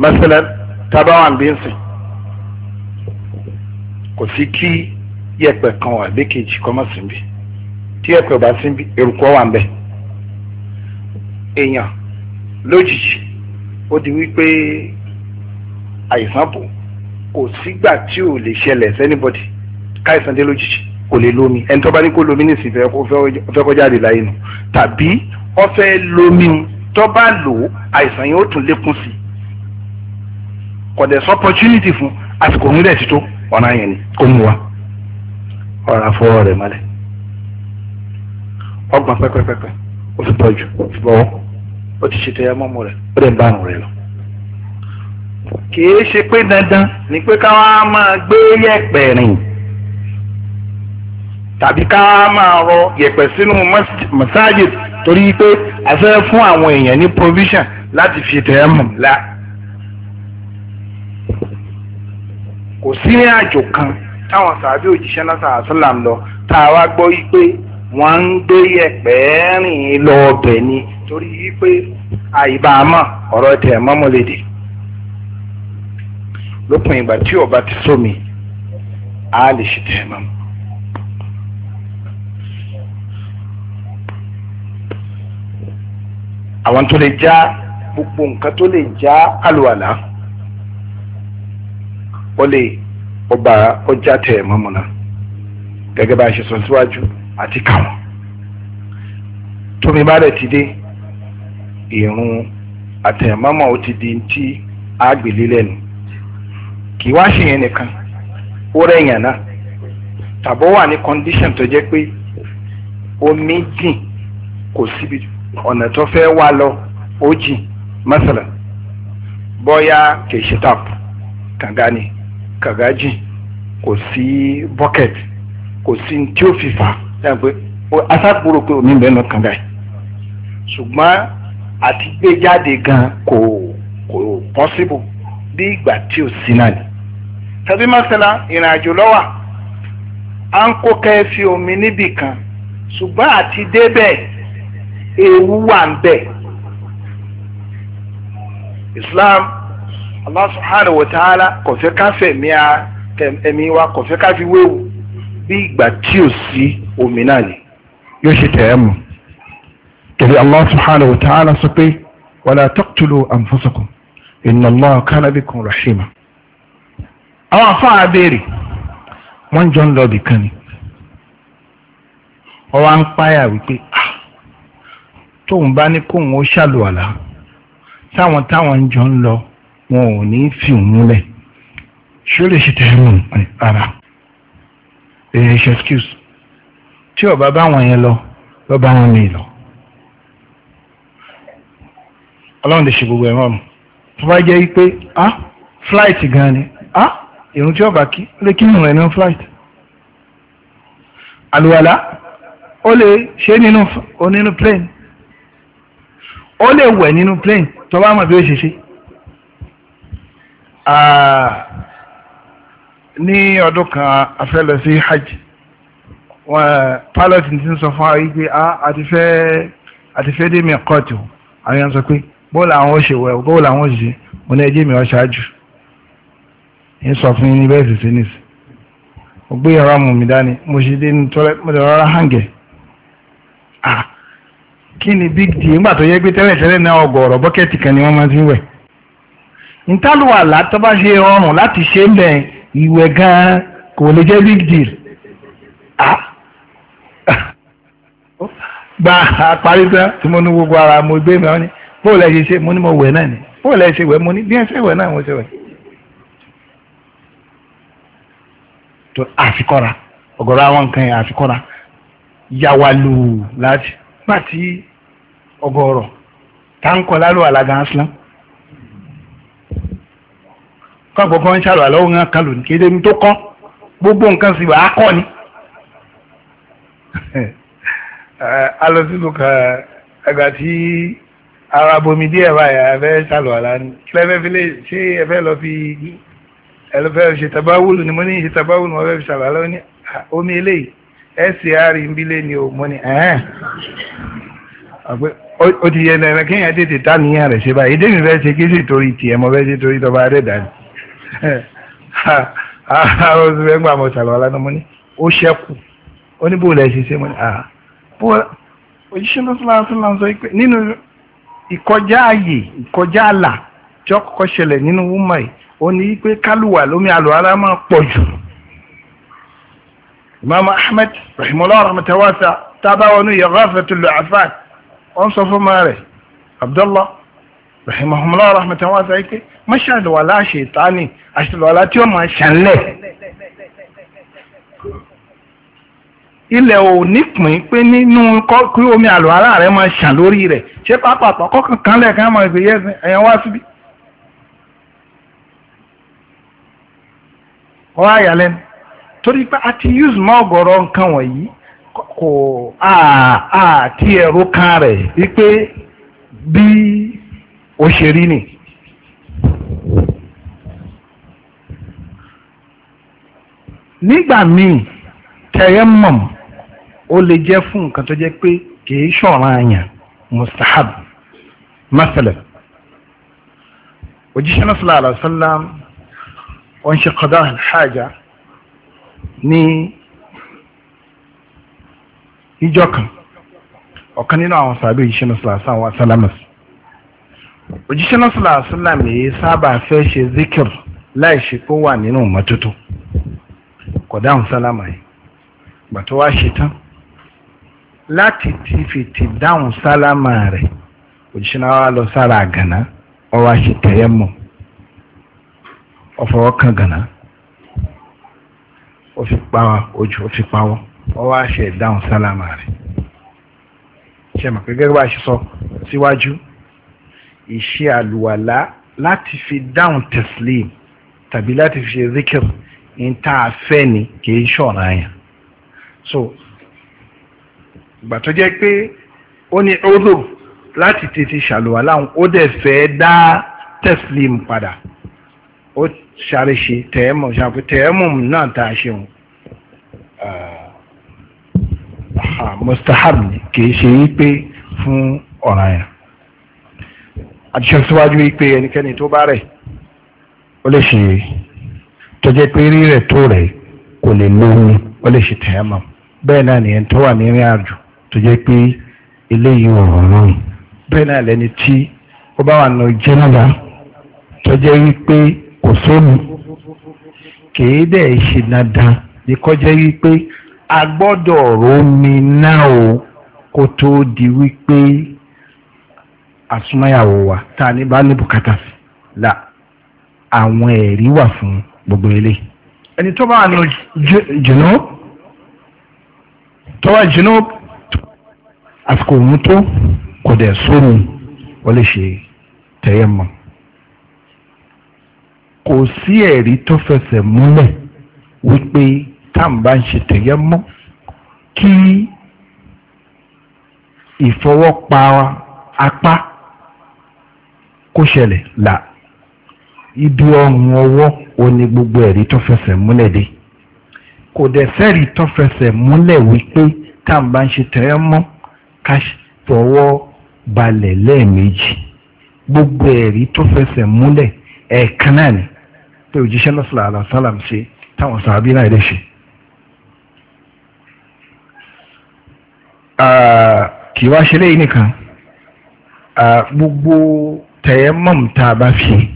mẹ́sẹ̀lẹ̀ tábàwà ń bí ń sìn kò sí kí yẹ̀pẹ̀ kan wà lékejì kọ́ mọ́ sí bí tí yẹ̀pẹ̀ bá sí bí eruku wà ń bẹ̀ èèyàn lójijì ó di wípé àìsàn bò kò sígbà tí ò lè ṣẹlẹ̀ sẹ́nibọ́dì káìsàn dé lójijì kò lè lómi ẹni tó bá ní kó lómi nísìnyí fẹ́ fẹ́ kọjá àdìláyé nù tàbí ọfẹ lomi tó lo lò àìsàn yẹn ó tún lékún sí kò dẹ̀ sọ opportunity fún àsìkò òun dẹ̀ ti tó ọ̀nà yẹn ni kò mú wa ọ̀rọ̀ àfọwọ́ rẹ̀ mọ́lẹ̀ ọgbọ̀n pẹ́pẹ́pẹ́pẹ́ ó fi bọ́ jù ó fi bọ́wọ́ ó ti ṣètò ẹyà mọ́mọ́ rẹ̀ ó dẹ̀ ń bá àrùn rẹ̀ lọ kìí ṣe pé dandan ni pé ká wá máa gbé yẹ̀pẹ̀ rìn tàbí ká wá máa rọ yẹ̀pẹ̀ sínú masajid torí pé a fẹ́ fún àwọn èèyàn ní provision láti fi tẹ̀ mọ̀ la kò sí ní àjò kan táwọn sàbí òjíṣẹ́ náà sàásùlàm lọ tá a wá gbọ́ pé wọ́n ń gbé yẹ̀pẹ̀ rìn lọ ọbẹ̀ ni torí pé àìbámọ̀ ọ̀rọ̀ tẹ̀ mọ́mọ́lédè lópin ìgbà tí ọba ti sómi a lè ṣe tẹ̀ mọ́mọ́. àwọn tó lè já gbogbo nǹkan tó lè já àlùwàlà ó lè ọba ọjà tẹ̀ mọ́mọ́ná gẹ́gẹ́ bá a ṣe sọ síwájú àti kàwọn tómi bá rẹ̀ ti dé ìrun àtẹ̀mọ́mọ́ ó ti di ti àgbèlé lẹ́nu kì í wá ṣe yẹn nìkan ó rẹ̀yàn náà tàbó wà ní kọ́ndíṣàn tó jẹ́ pé omi jìn kò síbi ọ̀nà tó fẹ́ wá lọ ó jìn mọ́sálà bọ́yá kì í ṣe tap kànga ni kànga jìn kò sí bucket kò sí tí ó fi fà á pé asákòrò pé omi bẹ́ẹ̀ nù kànga yìí ṣùgbọ́n àti gbé jáde gan kò kò possible bí ìgbà tí ò sí náà ni tàbí mọ́sálà ìrìn àjò lọ́wọ́ à ń kó kẹ́ẹ́ fi omi níbì kan ṣùgbọ́n àti débẹ̀ ewu wà ń bẹ islam allah subhanahu wa ta'ala kò fẹ́ ká fẹ̀mí a ẹ̀mí wa kò fẹ́ ká fi wéwu bí ìgbà tí ò sí omi náà ni yóò ṣe tẹ̀ ẹ́ mu torí allah subhanahu wa ta'ala sọ pé wala taqtulu anfusakum inna allah kana bikum rahima àwọn afáà béèrè wọ́n jọ ń lọ bìkan ni wọ́n wá ń páyà wípé tóun bá ní kóun ó ṣàlùwàlà táwọn táwọn jọ ń lọ wọn ò ní fi òun lẹ̀ ṣé ó lè ṣe tẹ̀lé ara èyí ṣe excuse tí ọba báwọn yẹn lọ lọ bá wọn mi lọ ọlọ́run lè ṣe gbogbo ẹ̀wọ̀n mu tó bá jẹ́ pé ah flight gan ni ah ìrun tí ọba kí ó lè kí ìrun rẹ̀ nínú flight àlùwàlà ó lè ṣe nínú onínú plane. ó lè wẹ̀ nínú plane tó bá mọ̀ bí ó ṣe ṣe ní ọdún kan a fẹ́ lọ sí hajj pilot ti sọ fún a ti fẹ́ dé mi kọ́ọ̀tù àwọn yẹn sọ pé bóòlù àwọn ò ṣe wẹ̀ bóòlù àwọn ò ṣe mo ní ẹjẹ́ mi ọ̀ ṣáájú ń sọ fún yín ní bẹ́ẹ̀ sì sí yàrá mu mi dání mo ṣe dé ní tọ́lẹ́ mo dẹ̀ kí ni big deal nígbà tó yẹ pé tẹ́lẹ̀tẹ́lẹ̀ náà ọgọ̀ọ̀rọ̀ bọ́kẹ́tì kan ni wọ́n máa ti ń wẹ̀ ntálùwàlá tó bá ṣe rọrùn láti ṣe ń bẹ̀ ìwẹ̀ gan-an kò lè jẹ́ big deal gba àparí tán tí mo ní gbogbo ara mo gbé mi wọ́n ní bóòlù ẹ̀ ṣe ṣe mo ní mo wẹ̀ náà ni bóòlù ẹ̀ ṣe wẹ̀ mo ní bí ẹ̀ ṣe wẹ̀ náà mo ṣe wẹ̀. tó àfikọ́ra ọ̀gọ̀rọ̀ àwọn nǹkan yẹn àfikọ́ra yàwálù láti ọgọrọ taa ń kọ lálọ́ àlàgà aslan kọ́kọ́ kan ń ṣàlọ́ àlọ́wọ́ tó kọ gbogbo nǹkan sì wà á kọ ni a lọ sínú kan tí ara bomi díẹ̀ báyà ẹ fẹ́ ni fi ṣé ẹ lọ fi ni ah, mo ni o mo ó ti yẹ lẹ́rẹ̀ kí èèyàn tètè tá níyàn rẹ̀ ṣe báyìí ìdí mi fẹ́ ṣe kí sì torí tiẹ̀ mo fẹ́ ṣe torí tọba adẹ́dà ni àwọn <laughs> oṣù ah, fẹ́ gbà mọ̀ sàlọ́ ọ̀la mo ní ó ṣẹ́kù ó ní bó lẹ́ ṣe ṣe mo ní àá ah. bó òjíṣẹ́ ló sọ́la sọ́la sọ pé nínú ìkọjá ààyè ìkọjá àlà tí ó kọ́kọ́ ṣẹlẹ̀ nínú wúmọ̀ yìí ó ní pé kálùwà lómi àlọ́ ara máa pọ̀ jù Imam Ahmed rahimahullah rahmatawasa tábà wọnú yẹ wọ́n sọ fún máa rẹ̀ Abdullah rahimahumullah rahmatan wa sáyé pé má ṣàlùwà láṣẹ ìtaní àṣàlùwà láti ọmọ ṣàlẹ̀ ilẹ̀ ò nípìn pé nínú kí omi àlùwàlá rẹ̀ máa ṣàn lórí rẹ̀ ṣé pápá àpapọ̀ kankan lẹ́ẹ̀kan máa gbé ẹ̀yàn wá síbi. wọ́n á yà lẹ́nu torí pé a ti use mọ́ ọ̀gọ̀rọ̀ nǹkan wọ̀nyí kò àti ẹ̀rọ kan rẹ̀ wípé bí ó ṣe rí ni. nígbà míì tẹ̀yẹ́mọ̀m ó lè jẹ́ fún nǹkan tó jẹ́ pé kìí ṣọ̀ràn àyàn mustahab masalan òjíṣẹ́ náà sallallahu alaihi wasallam ó ní níjọ́ kan ọ̀kan nínú àwọn sàbẹ̀ òjíṣẹ́ náà sọ̀rọ̀ sáwọn sálámàsì òjíṣẹ́ náà sọ̀rọ̀ sálámì yìí sábà fẹ́ ṣe zikir láì ṣe kó wà nínú mọ́tótó kò dáhùn sálámà yìí gbà tó wá ṣe tán láti ti fi ti dáhùn sálámà rẹ̀ òjíṣẹ́ náà wá lọ sára àgànná ó wá ṣe tẹ̀yẹ́ mọ́ ó fọwọ́ ó fi pa ojú ó fi pa wọ́n ọwọ́ àṣẹ ìdáhùn sálámà rẹ̀ ṣe mọ̀ pé gẹ́gẹ́ bá ṣe sọ síwájú ìṣe àlùwàlá láti fi dáhùn tẹ̀sílìm tàbí láti fi ṣe zikir ní tá a fẹ́ ni kì í ṣọ̀ràn yẹn so ìgbà tó jẹ́ pé ó ní ọdún láti tètè ṣàlùwàlá òun ó dẹ̀ fẹ́ dá tẹ̀sílìm padà ó ṣàrẹ̀ṣe tẹ̀ẹ́mù ṣàpẹ́ tẹ̀ẹ́mù náà tá a ah. Ah, mustahab ni kìí ṣe wípé fún ọ̀ràn yẹn àtúnṣe síwájú wípé ẹnikẹ́ni tó bá rẹ̀ ó lè ṣe tó jẹ́ pé rí rẹ̀ tó rẹ̀ kò lè lómi ó lè ṣe tẹ̀yàmọ̀ bẹ́ẹ̀ náà nìyẹn tó wà ní ìrìn àjò tó jẹ́ pé eléyìí ọ̀rọ̀ náà bẹ́ẹ̀ náà lẹni tí ó bá wà nù jẹ́nàdá tó wípé kò sómi kìí dẹ̀ ṣe dandan ní kọjá wípé a gbọ́dọ̀ romi náà o kó tó di wípé àsúnmáyàwó wa tá a ní bá ní bùkátà sí la àwọn ẹ̀rí wà fún gbogbo eléyìí. ẹni tó bá lọ jùnú tó bá jùnú àsìkò òun tó kò dẹ̀ sómi wọ́n lè ṣe tẹ̀yẹ̀ mọ́ kò sí ẹ̀rí tó fẹsẹ̀ múlẹ̀ wípé táǹbà ń ṣe tẹ̀yẹ́ mọ́ kí ìfọwọ́pa apá kó ṣẹlẹ̀ là ibi ọrùn ọwọ́ ò ní gbogbo ẹ̀rí tó fẹsẹ̀ múlẹ̀ dé kò dẹ̀ sẹ́rí tó fẹsẹ̀ múlẹ̀ wípé táǹbà ń ṣe tẹ̀yẹ́ mọ́ ká fọwọ́ balẹ̀ lẹ́ẹ̀mejì gbogbo ẹ̀rí tó fẹsẹ̀ múlẹ̀ ẹ̀ẹ̀kan náà ni pé òjíṣẹ́ lọ́sọ̀lá àlàsálàm ṣe táwọn sàbí náà lè ṣe. kì í wá ṣe léyìn nìkan gbogbo tẹ̀yẹ́mọ̀m tá a bá fi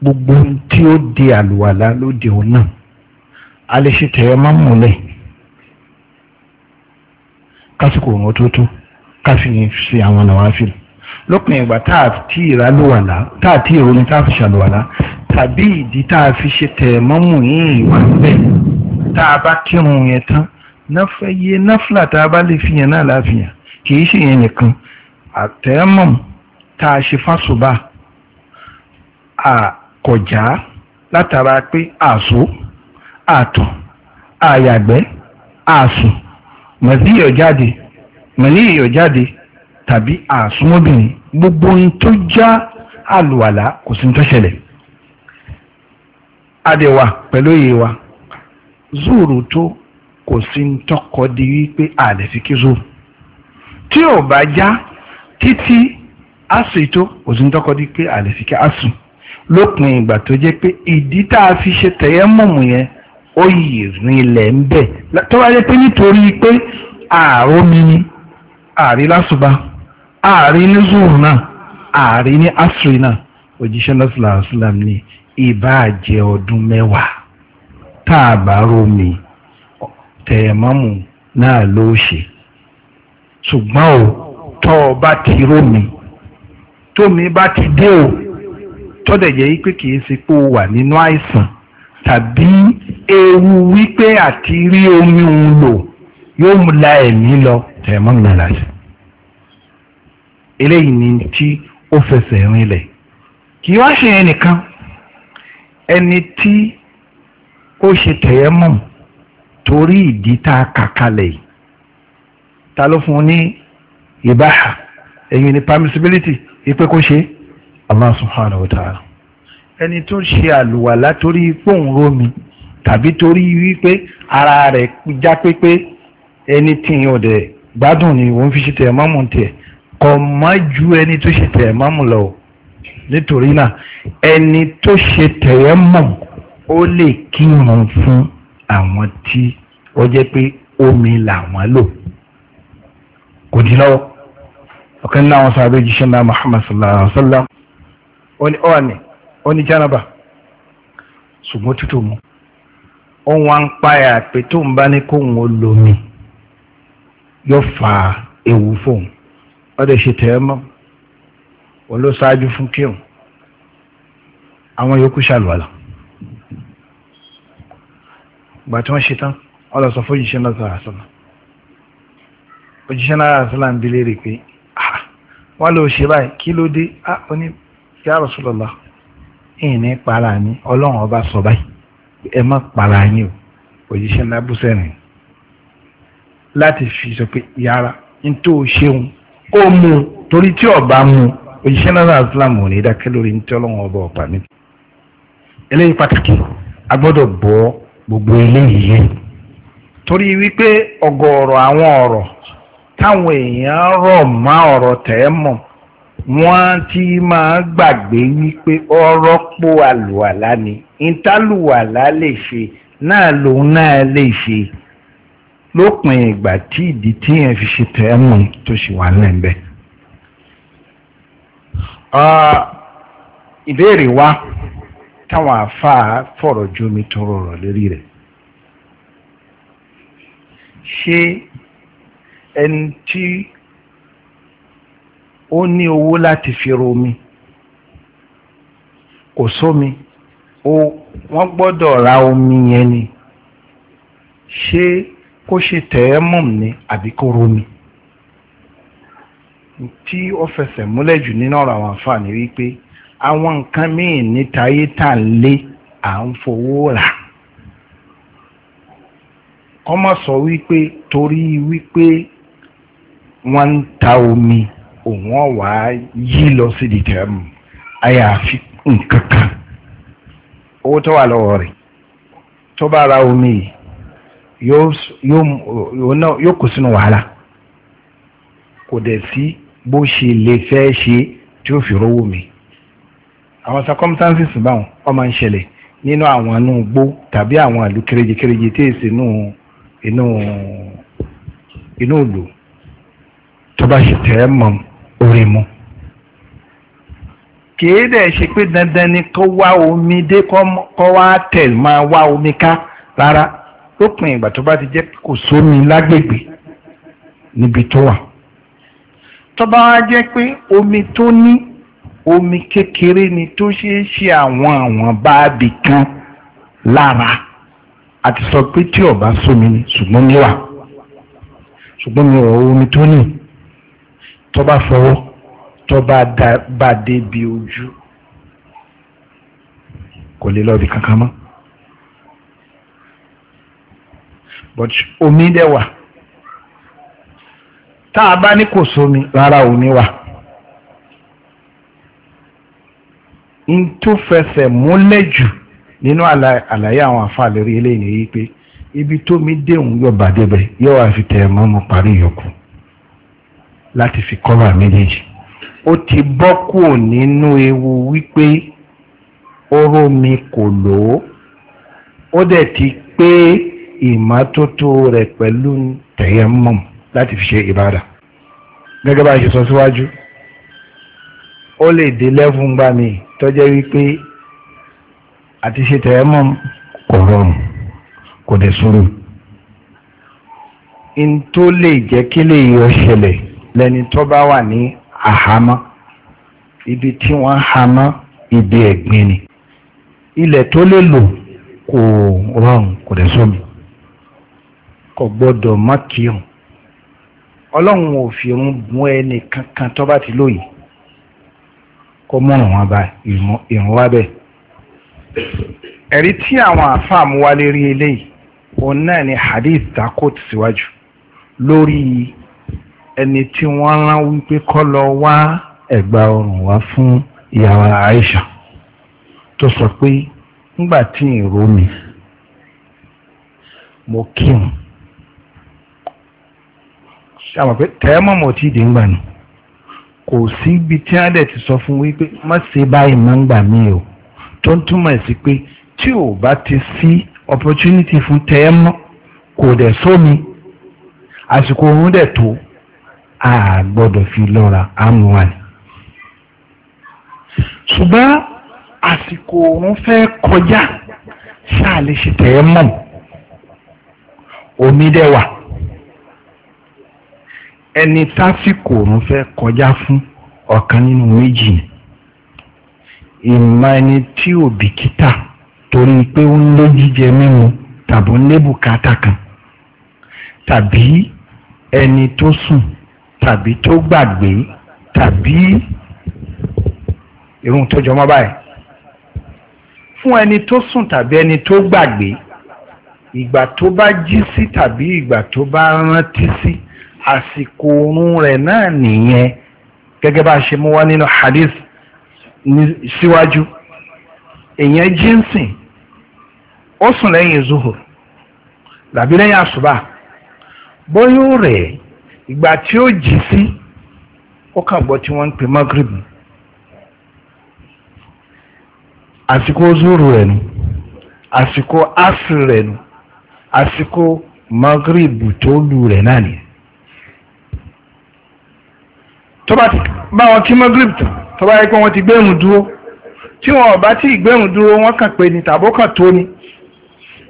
gbogbo tí ó di àlùwàlá lóde òun náà a lè ṣe tẹ̀yẹ́mọ̀m múlẹ̀ kásìkò òun tó tó káfíń ṣe àwọn làwọn àfihàn lópin ìgbà tá a ti ìrálùwàlá tá a ti ìròyìn tá a fi ṣàlùwàlá tàbí ìdí tá a fi ṣe tẹ̀mọ́mù yìí tá a bá kírun yẹn tán náfẹ́yé náfìlà tá a bá lè fi yàn náà láfihàn kì í ṣe yẹn nìkan àtẹ́mọ̀m tá a ṣe fásùbà àkọjá látara pé àṣó àtọ̀ àyàgbẹ́ àṣù mọ̀tí yọ̀ jáde mọ̀lí yọ̀ jáde tàbí àṣùmọ́bìnrin gbogbo ohun tó já àlùwàlà kò sí tó ṣẹlẹ̀ adẹ̀wà pẹ̀lú òye wa zúùrù tó kò sí tọkọ di wípé àlè fi tí ò bá já títí asùn kò sí tọkọ di pé àlè fi lópin ìgbà tó jẹ́ pé ìdí a fi ṣe tẹ̀yẹ́ mọ̀mù yẹn ó yì rinlẹ̀ ń bẹ̀ tó pé nítorí pé ààrùn mi ni ààrí lásùbà ààrí ní zuru náà tẹ̀yẹ̀mọ́mù náà ló ṣe ṣùgbọ́n o tọ́ ọ bá ti rómi tómi bá ti dé o tọ́dẹ̀ jẹ́ pé kìí ṣe pé o wà nínú àìsàn tàbí ewu wípé àti rí omi òun lò yóò mú la ẹ̀mí lọ tẹ̀yẹ̀mọ́mù náà láti eléyìí ni tí ó fẹsẹ̀ rinlẹ̀ kì í wá ṣe ẹnìkan ẹni tí ó ṣe tẹ̀yẹ̀mọ́mù torí ìdí tá a kà kalẹ̀ yìí ta ló fún un ní ìbáhà ẹ̀yìn ní permissibility ipe kó ṣe Allah subhanahu wa ta'ala ẹni tó ṣe àlùwàlá torí pòun rómi tàbí torí wípé ara rẹ̀ já pépé ẹni tí ń ọ̀dẹ̀ gbádùn ni òun fi ṣe tẹ̀ mọ́mù tiẹ̀ kò má ju ẹni tó ṣe tẹ̀ mọ́mù lọ nítorí náà ẹni tó ṣe tẹ̀ mọ́mù ó lè kírun fún un àwọn tí ó jẹ́ pé omi làwọn lò kò dín lọ́wọ́ ọ̀kan nínú àwọn sàbẹ̀ jíṣẹ́ náà Muhammad sallallahu alayhi wa sallam ó ní ọ̀ ní ó ní jánaba ṣùgbọ́n tútù mu ó wá ń páyà pé tó ń bá ní kóun ó lomi yóò fa ewu fóun ọdẹ ṣe tẹ̀ ẹ́ mọ́ òun ló ṣáájú fún kéwọn àwọn yòókù ṣàlùwàlà gbà tí wọ́n ala tán ọlọ́ sọ fún òjíṣẹ́ náà sọ̀rọ̀ àṣọlá òjíṣẹ́ náà àṣọlá ń bi léèrè pé ah, wọ́n lọ ṣe báyìí kí ló dé á ah, ó ní yá Rasulullah ìyìn ní para ni ọlọ́run ọba sọ báyìí ẹ má para yín o òjíṣẹ́ náà bú sẹ́rìn láti fi sọ pé yàrá n tó ṣeun ó mú un torí tí ọba mú un òjíṣẹ́ náà àṣọlá mò ní dákẹ́ lórí ní tí ọlọ́run ọba ọ̀pá mi eléyìí pàtàkì a gbọ́dọ̀ bọ́ gbogbo eléyìí tori torí wípé ọ̀gọ̀ọ̀rọ̀ àwọn ọ̀rọ̀ táwọn èèyàn rọ̀ má ọ̀rọ̀ tẹ́ mọ̀ wọ́n ti máa gbàgbé wípé ọ̀rọ̀ pò àlùwàlá ni ìtàlùwàlá lè ṣe náà lòun náà lè ṣe lópin ìgbà tí ìdí tí yẹn fi ṣe tẹ́ mọ̀ tó ṣe wà lẹ́ńbẹ́. Ah, ìbéèrè wa. táwọn àáfàá fọ̀rọ̀ jómi tọrọ ọ̀rọ̀ lérí rẹ̀ ṣé ẹni tí ó ní owó láti fi romi kò sómi wọ́n gbọ́dọ̀ ra omi yẹn ni ṣé kó ṣe tẹ̀ẹ́mùm ni àbí kó romi tí ó fẹsẹ̀ múlẹ̀ jù nínú ọ̀rọ̀ àwọn àǹfààní wípé àwọn nǹkan míì níta yé tà ń lé à ń fowó rà ọmọ sọ wípé torí wípé wọ́n ń ta omi òun ọ̀wá yí lọ sí dìtẹ́mù àyàfi nǹkan kan owó tó wà lọ́wọ́ rẹ̀ tó bá ra omi yóò kó sínú wàhálà kò dẹ̀ sí bó ṣe lè fẹ́ ṣe tí ó fi rówó mi àwọn circumstances báwọn wọ́n máa ń ṣẹlẹ̀ nínú àwọn inú gbó tàbí àwọn ìlú kéréje kéréje tí èsì inú inú inú ìlú tó bá ṣe tẹ̀ ẹ́ mọ̀ orí mu. kìí dẹ̀ ṣe pé dandan ni kó wá omi dé kó wá tẹ̀ máa wá omi ká rárá lópin ìgbà tó bá ti jẹ́ kò sómi lágbègbè níbi tó wà. tó bá wá jẹ́ pé omi tó ní omi kékeré ni tó ṣeé ṣe àwọn àwọn báàbì kan lára àti sọ pé tí ọba sómi ni ṣùgbọ́n mi wà ṣùgbọ́n mi wà omi tó nì tó bá fọwọ́ tó bá débi ojú kò lè lọ́ọ̀bì kankan mọ́ but omi dẹ̀ wà tá a bá ní kò sómi rárá omi wà. n tó fẹsẹ̀ múlẹ̀ jù nínú àlàyé àwọn àfàlẹ́rí eléyìí ni pé ibi tó mi déhùn yóò bàdé bẹ yóò wá fi tẹ̀ mọ́ mo parí ìyókù láti fi kọ́ra méjèèjì ó ti bọ́ kúrò nínú ewu wípé oró mi kò lò ó ó dẹ̀ ti pé ìmọ́tótó rẹ̀ pẹ̀lú tẹ̀yẹ́mọ̀ láti fi ṣe ìbádà gẹ́gẹ́ bá a ṣe sọ síwájú. Si ó lè dé lẹ́fún gbà mí tọ́jẹ́ wípé àti ṣe tẹ̀ ẹ́ mọ́ kò rọrùn kò dẹ̀ sùúrù n tó lè jẹ́ kí lè yọ ṣẹlẹ̀ lẹ́ni tó bá wà ní àhámọ́ ibi tí wọ́n hámọ́ ibi ẹ̀gbin ni ilẹ̀ tó lè lò kò rọrùn kò dẹ̀ sómi kò gbọ́dọ̀ má kírun ọlọ́run ò fi ń bún ẹnì kankan tó bá ti lóye kó mú ìwọ̀n bá wá bẹ́ẹ̀. ẹ̀rí tí àwọn àfáà mú wá lérí eléyìí òun náà ni hadith dakot síwájú lórí ẹni tí wọ́n rán wípé lọ wá ẹ̀gbà ọrùn wá fún ìyàwó Aisha tó sọ pé ńgbà tí ìró mi mo kírun ṣàmọ̀ pé kò sí ibi tí wọ́n dẹ̀ ti sọ fún wípé má ṣe báyìí má ń gbà mí o tó ń túmọ̀ sí pé tí ò bá ti sí opportunity fún tẹ́ mọ́ kò dẹ̀ sómi àsìkò òun dẹ̀ tó a gbọ́dọ̀ fi lọ́ra àmúwa ṣùgbọ́n àsìkò òun fẹ́ kọjá ṣáà lè ṣe tẹ́ mọ́ omi dẹ̀ wà ẹni tásìkò òun fẹ́ kọjá fún ọ̀kan nínú méjì ìmọ̀ ẹni tí ò bìkítà torí pé ó ń lé jíjẹ mímu tàbí ń lé bùkátà kan tàbí ẹni tó sùn tàbí tó gbàgbé tàbí irun tó jọmọ́ báyìí fún ẹni tó sùn tàbí ẹni tó gbàgbé ìgbà tó bá jí sí tàbí ìgbà tó bá rántí sí. Si àsìkò oorun rẹ̀ náà nìyẹn gẹ́gẹ́ bá a ṣe mú wá nínú hadith síwájú èèyàn jínsìn ó sùn lẹ́yìn zuhur tàbí lẹ́yìn àṣùbà bóyá ó rẹ̀ ìgbà tí ó jí sí ó kàn gbọ́ tí wọ́n ń pè magrib àsìkò zuhur rẹ̀ ni àsìkò asr rẹ̀ ni àsìkò magrib tó lù rẹ̀ náà nìyẹn. tó bá ti bá wọn kí magrib tán tó bá yẹ pé wọ́n ti gbẹ̀rún dúró tí wọn bá tí gbẹ̀rún dúró wọ́n kàn pé ni tàbó kàn tó ni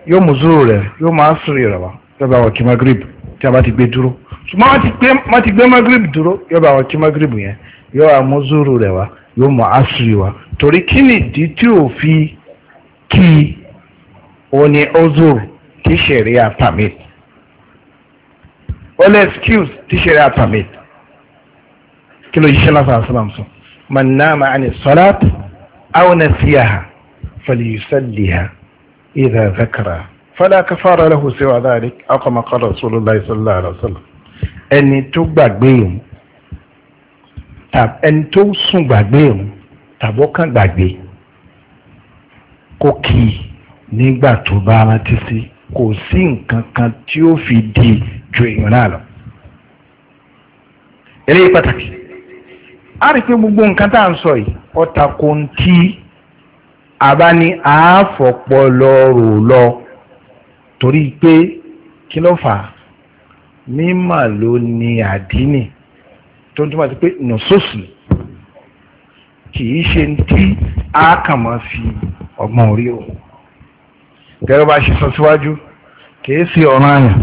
yóò mú zúrò rẹ̀ yóò máa sùrì rẹ̀ wá bá wọn kí magrib tí a bá ti gbé dúró ṣùgbọ́n wọ́n ti gbé magrib dúró yóò bá wọn kí magrib yẹn yóò wá mú zúrò rẹ̀ wá yóò mú asùrì wá torí kí ni ìdí tí ò fi kí òun ni ó zúrò kí ṣẹ̀rí àpàmì ó lè excuse tí ṣẹ̀rí àpàmì kí ló yíṣẹ́ lásán àṣàlám sọ man nama ani salat aw nasiyaha falyusalliha idha zakara fala kafara lahu siwa dhalik akama qala rasulullahi sallallahu alaihi wasallam ẹni tó gbàgbé yìí ẹni tó sùn gbàgbé yìí tàbó kan gbàgbé kó kì í nígbà tó bá rántí sí kò sí nǹkan kan tí ó fi di ju èèyàn náà lọ eléyìí pàtàkì a rí pé gbogbo nǹkan tá à ń sọ yìí ọ̀tà kò ń tí abáni àáfọ̀pọ̀ lọ rò lọ torí pé kí ló fà á mímọ̀ ló ní àdínì tó ń túmọ̀ sí pé nùsọ́sì kì í ṣe tí a fi ọgbọ́n orí o gẹ́gẹ́ bá ṣe sọ síwájú kì í ṣe ọ̀ràn àyàn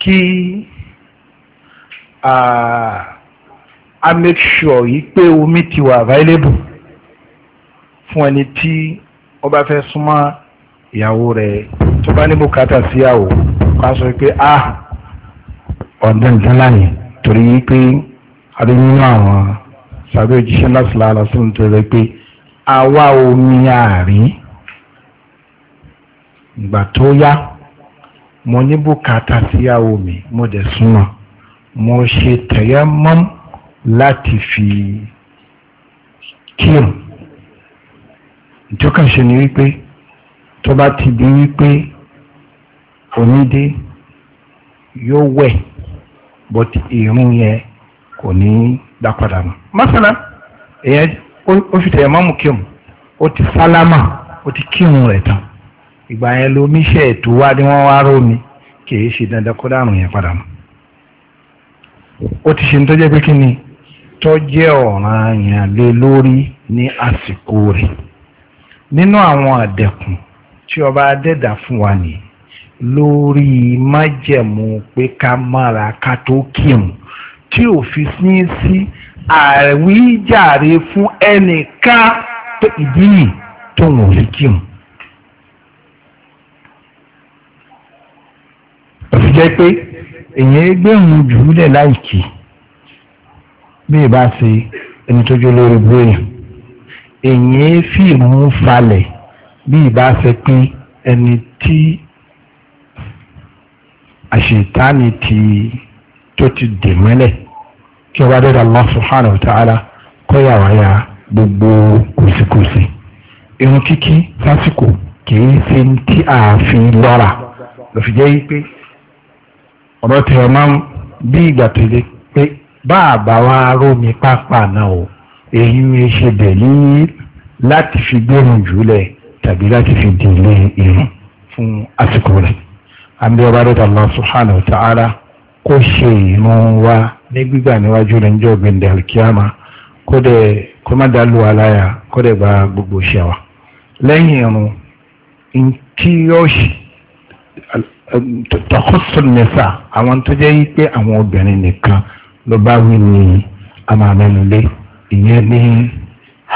kí a make sure yìí pé omi ti wà available fún ẹni tí ó bá fẹ́ súnmọ́ ìyàwó rẹ̀ tó bá ní bùkátà síyàwó ká sọ pé ah, a ọ̀dẹ̀ nǹkan láyè torí pé adéyínú àwọn sàbẹ̀ òjíṣẹ́ lásìlá àlásìlá tó rẹ̀ pé àwa omi àárín ìgbà tó yá mo ní bùkátà síyàwó mi mo dẹ̀ súnmọ́ mo ṣe tẹ̀yẹ́ mọ́mú láti fi kírun ìjọkàn ṣe ni wípé tó bá ti di wípé onídé yóò wẹ̀ but irun yẹn kò ní dápadà nù. masana èyẹ ó fi tẹ̀yẹ̀ mọ́mú kírun ó ti sálámà ó ti kírun rẹ̀ tán ìgbà yẹn lomi iṣẹ́ ètò wa ni wọ́n wá rómi kì í ṣe dandan kó dàrún yẹn padà nù. ó ti ṣe ní tó jẹ́ pé kí ni tọ́jẹ́ ọ̀ranyàn lé lórí ní àsìkò rẹ̀ nínú àwọn àdẹ̀kùn tí ọba adẹ́dà fún wa nìyí lórí májẹ̀mú pé ká mára ká tó kírun tí ò fi sí sí àwíjàre fún ẹnìkan tó ìdí yìí tóun ò lè kírun. òfin pé èèyàn gbé òun jù ú lẹ̀ láìkí. Like bí ìbá ṣe ẹni tó jó lórí bóyá èyí fíìmù falẹ̀ bí ìbá ṣe pín ẹni tí àṣetáni ti tó ti dè mọ́lẹ̀ kí ọba dọ́dọ̀ Allah subhanahu wa ta'ala kọ́ yàrá ya gbogbo kùsìkùsì irun kíkí sásìkò kìí ṣe tí ààfin lọ́ra lọ́fíjẹ́ yí pé ọ̀rọ̀ tẹ̀wọ́n máa ń bí ìgbà tó dé bá àbá wa rómi pápá náà o èyí ń ṣe dẹ̀lí láti fi gbẹ̀rùn jùlẹ̀ tàbí láti fi dìlé irun fún àsìkò rẹ̀ àmì rẹ̀ Allah subhanahu wa ta'ala kó ṣe irun wa ní gbígbà níwájú rẹ̀ níjọ́ gbẹ̀ndẹ̀ alikiyama kó dẹ̀ kó má dá lu aláya kó dẹ̀ gba gbogbo ṣẹ wa lẹ́yìn irun ntí yóò ṣe tọkọsọ àwọn tó jẹ́ yí pé àwọn obìnrin nìkan ló bá wí ní amàmẹ́nulé ìyẹn ní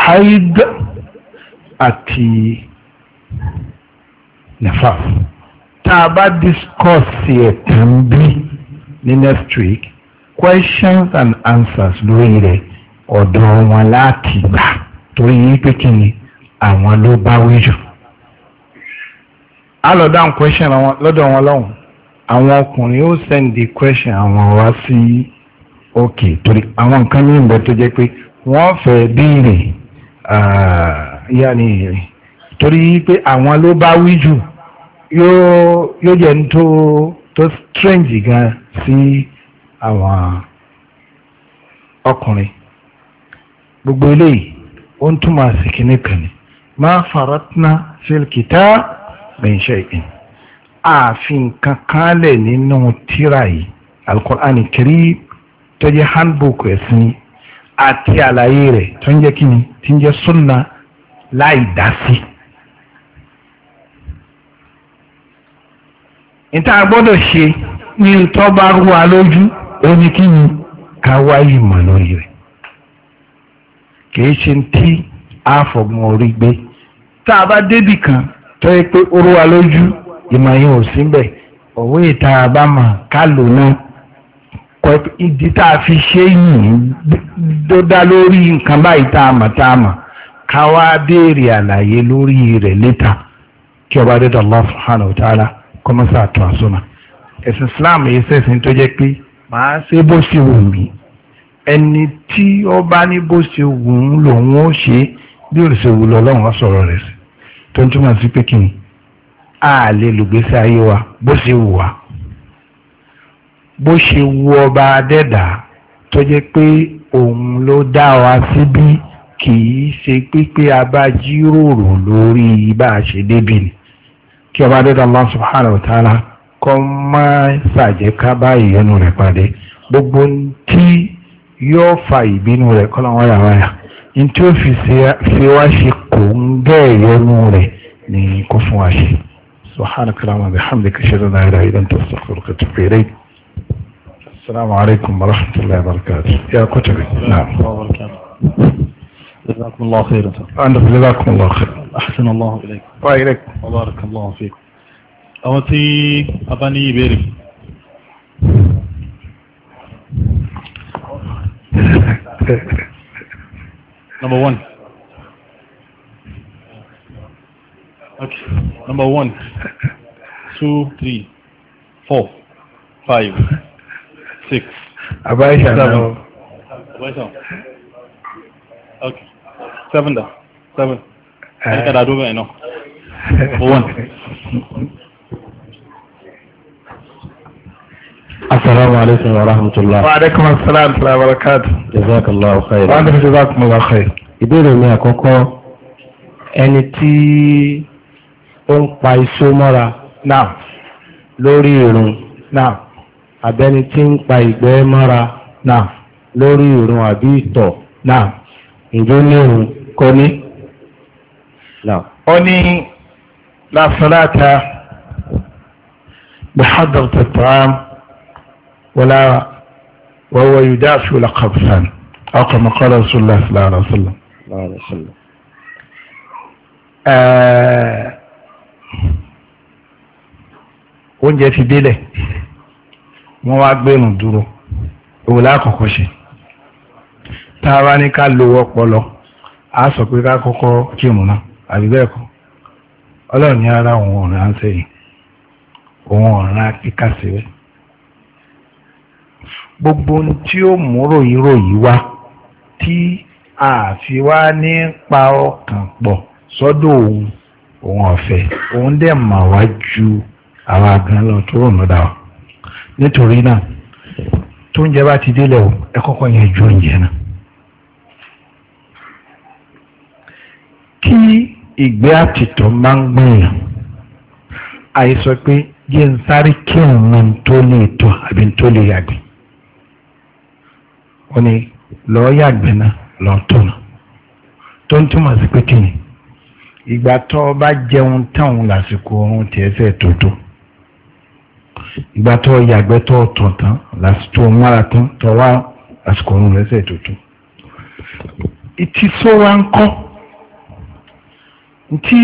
haid àti nefaf tá a bá discourse ẹ̀ tán bí ní next week questions and answers lórí rẹ̀ ọ̀dọ̀ wọn láti gbà torí yín pé kí ni àwọn ló bá wí jù a lọ dáhùn question lọ́dọ̀ wọn lọ́hùn àwọn ọkùnrin ó send the question àwọn wá sí. Si, ok torí àwọn nǹkan ní ìbẹ̀ tó jẹ́ pé wọ́n fẹ́ bíire yáni ìrìn torí pé àwọn ló bá wí jù yóò jẹ́ ní tó tó strange gan sí gbogbo eléyìí ó ń túmọ̀ sí kíní kan ma máa faratna fil kitab min shay'in ààfin kankan nínú tíra yìí al tó jẹ́ handbook ẹ̀sìn àti àlàyé rẹ̀ tó ń jẹ́ kíni tí ń jẹ́ súnà láì dá sí. ìta gbọ́dọ̀ ṣe ní tó bá rú wa lójú ó ní kíni ká wá ìmọ̀ lórí rẹ̀ kìí ṣe tí a fọ̀gbọ́n orí gbé tá a bá débì kan tó yẹ pé ó rú ìdí tá a fi ṣe yìí tó dá lórí nǹkan báyìí tá a mọ̀ tá a ká wá béèrè àlàyé lórí rẹ̀ létà kí ọba dédé Allah subhanahu wa ta'ala kọ́mọ́sá àtún àsọ́nà ẹ̀sìn Islam yìí sẹ́sìn tó jẹ́ pé màá ṣe bó ṣe wù mí ẹni tí ó bá ní bó ṣe wù ú lòun ó ṣe bí òrìṣà wù lọ́lọ́run á sọ̀rọ̀ rẹ̀ sí tó ń túmọ̀ sí pé kí ni a lè lùgbésí ayé wa bó ṣe wù wá bó ṣe wu ọba adẹ́dà tó jẹ́ pé òun ló dá wa síbí kì í ṣe pípé a bá jíròrò lórí bá a ṣe débi ni kí ọba adẹ́dà Allah subhanahu wa ta'ala kọ́ máa ṣàjẹ́ ká bá ìyọnu rẹ̀ pàdé gbogbo tí yóò fa ìbínú rẹ̀ kọ́ làwọn yàrá yà ní tí ó fi wá ṣe kò ń gẹ́ ìyọnu rẹ̀ ni kó fún wa ṣe subhanaka Allahumma bihamdika ashhadu an la ilaha illa anta astaghfiruka wa atubu ilayk السلام عليكم ورحمة الله وبركاته يا كتبي نعم جزاكم الله خيرا أنا جزاكم الله خير أحسن الله إليك وإليكم وبارك الله فيك أوتي أباني a نمبر 1 okay number one two three four five six. Abaisha now. Abaisha. Okay. Seven da. Seven. Uh, I can't do it now. One. السلام عليكم ورحمة الله وعليكم السلام ورحمة الله وبركاته جزاك الله خير وعندك جزاكم الله خير ìbéèrè mi àkọ́kọ́ ẹni tí ó ń pa iṣó mọ́ra náà lórí irun náà abẹ́ni tí ń pa ìgbẹ́ mọ́ra náà lórí ìrun àbí ìtọ̀ náà ìjó ní ìrun kò ní. ó ní láfọláta bihadar tattaram wala wọ́wọ́ yudáfi wala kọfsan ọkọ̀ mọ́kànlá rasulullah sallallahu alaihi wasallam. oúnjẹ ti délẹ̀ wọ́n wá gbẹ̀rùn dúró òun lákọ̀ọ́kọ́ ṣe tá a bá ní ká lo ọpọlọ a sọ pé ká kọ́kọ́ kírun náà àbí bẹ́ẹ̀ kọ́ ọlọ́run ní ara òun ọ̀ràn án sẹ́yìn òun ọ̀ràn kíkà síbẹ̀ gbogbo tí ó mú ròyìn ròyìn wá tí àfi wá ní pa ọkàn pọ̀ sọ́dọ̀ òun òun ọ̀fẹ́ òun dẹ̀ mà wá ju àwa gan lọ tó rònú dá nítorí náà tó ń jẹ bá ti délẹ̀ o ẹ kọ́kọ́ yẹn ju oúnjẹ náà. kí ìgbé àtìtọ́ máa ń gbìyàn àìsọ pé jẹ́ ń sáré kí òun tó lè tọ́ àbí tó lè yàgbẹ́ ó ní lọ́ọ́ yàgbẹ́ náà lọ́ọ́ tó náà tó ń túmọ̀ sí pé kí ni ìgbà tó bá jẹun táwọn lásìkò oorun tiẹ̀ fẹ́ tó tó. ìgbà tó yàgbẹ́ tó tàn tán lásìkò mára tán tó àsìkò ọ̀run rẹ̀ tuntun. ìtì ń kọ́ tí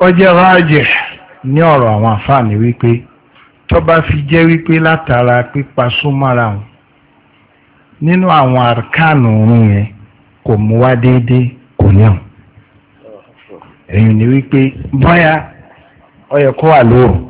ọjọ́ ní ọ̀rọ̀ àwọn àfáàní wípé tó bá fi jẹ́ wípé látara pípa súnmọ́ra wọn nínú àwọn àrkánù yẹn kò mú wá déédéé kò ní ọ̀hún ẹ̀yìn ni wípé kó wà lóòrùn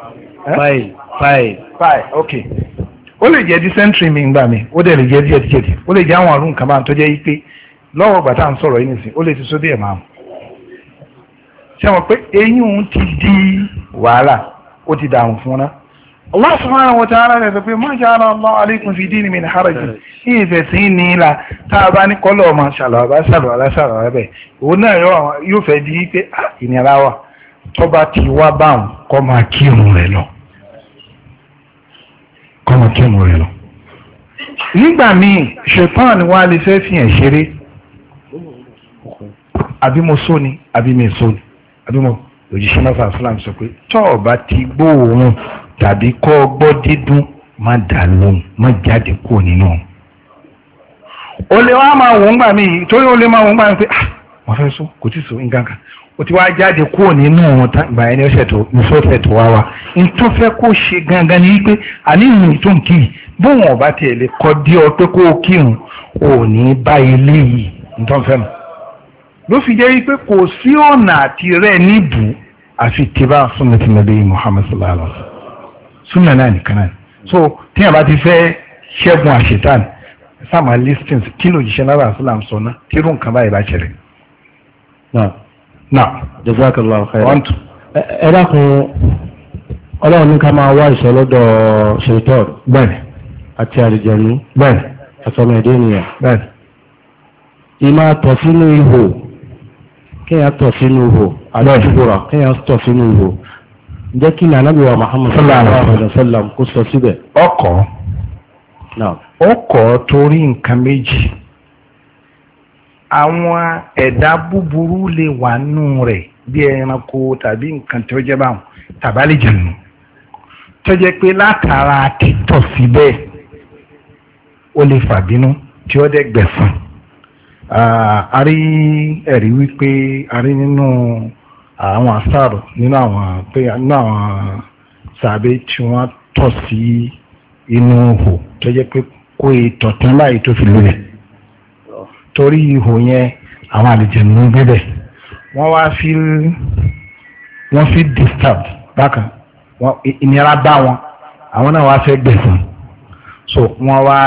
five five. five ok ó lè jẹ́ dysentery mi mi ó dẹ̀ lè jẹ di ó o le jẹ àrùn arun kama to jẹ pé lọ́wọ́ ìgbà n à ń sọ̀rọ̀ yìí nìsín ó ti sódì ẹ̀ máa mú. wọn eyín òun ti di wàhálà ó ti dàrún fún ná. Allah subhanahu wa ta'ala rẹ̀ sọ pé ma ja'ala Allahu alaykum fi dini min haraj ní ìfẹ̀sìn ní ìlà tá a bá ní ọmọ àbá àbá òun náà yóò di ah, ìnira wà. tó bá ti wá báwọn kọ́ máa kírun rẹ̀ lọ kọ́ máa kírun rẹ̀ lọ. nígbà míì ṣetán wa lè fẹ́ fi hàn ṣeré àbí mo sọ ni àbí mi sọ ni àbí mo òjíṣẹ́ náà fàásùlám sọ pé tọ́ ọ bá ti gbóòórùn tàbí kọ́ ọ dídún má dà lóhùn má jáde kúrò nínú ọ̀hún. o lè wá máa wò ń gbà mí torí o lè máa wò ń gbà mí pé ah mo fẹ́ sọ kò tí ì sọ nǹkan kan o ti wá jáde kúrò nínú òun ìgbà ẹni ọ̀sẹ̀tò ìṣòṣẹ̀tò wa wa n tó fẹ́ kó ṣe gangan ni pé àníyàn tó ń kì í bóun ọba tiẹ̀ lè kọ́ dí ọ pé kó o kírun ò ní bá ilé yìí n tó ń fẹ́ mu ló fi jẹ́ pé kò sí ọ̀nà àti rẹ̀ níbù àfi tìbá súnmọ́ tí mo lè yí Muhammad sallallahu alayhi wa sallam súnmọ́ náà nìkan náà so tí yàrá ti fẹ́ ṣẹ́gun àṣetán sáàmà listings kí ló jíṣẹ́ lára àṣìlám sọ ná nǹkan báyìí bá ṣẹlẹ̀ náà náà jazakallahu khairan ẹ dákun ọlọ́run ní ká máa wá ìṣọ́ lọ́dọ̀ ṣètọ́ọ̀ bẹ́ẹ̀ àti àlìjẹ̀nu bẹ́ẹ̀ àtọ́mọ ẹ̀dẹ́ ènìyàn bẹ́ẹ̀ ìmá tọ̀ sínú ihò kéèyàn tọ̀ sínú ihò àlọ́ṣùgbọ́ra kéèyàn tọ̀ sínú ihò jẹ́ kí ní anábìwá Muhammad sallallahu sallam kó sọ síbẹ̀. ọkọ̀ ọkọ̀ torí nǹkan méjì. àwọn ẹ̀dá búburú lè wà nù rẹ̀ bí ẹranko tàbí nǹkan tó jẹ́ báwọn tàbálẹ̀ tó jẹ́ pé látara títọ̀ bẹ́ẹ̀ o lè fàbínú tí ó dẹ̀ gbẹ̀sán a rí ẹ̀rí wípé a rí nínú àwọn àṣàrò nínú àwọn pé nínú torí ihò yẹn àwọn àlejò ń gbé bẹ̀ wọ́n wá fi wọ́n fi disturb bákan ìnira bá wọn àwọn náà wá fẹ́ gbẹ̀sán so wọ́n wá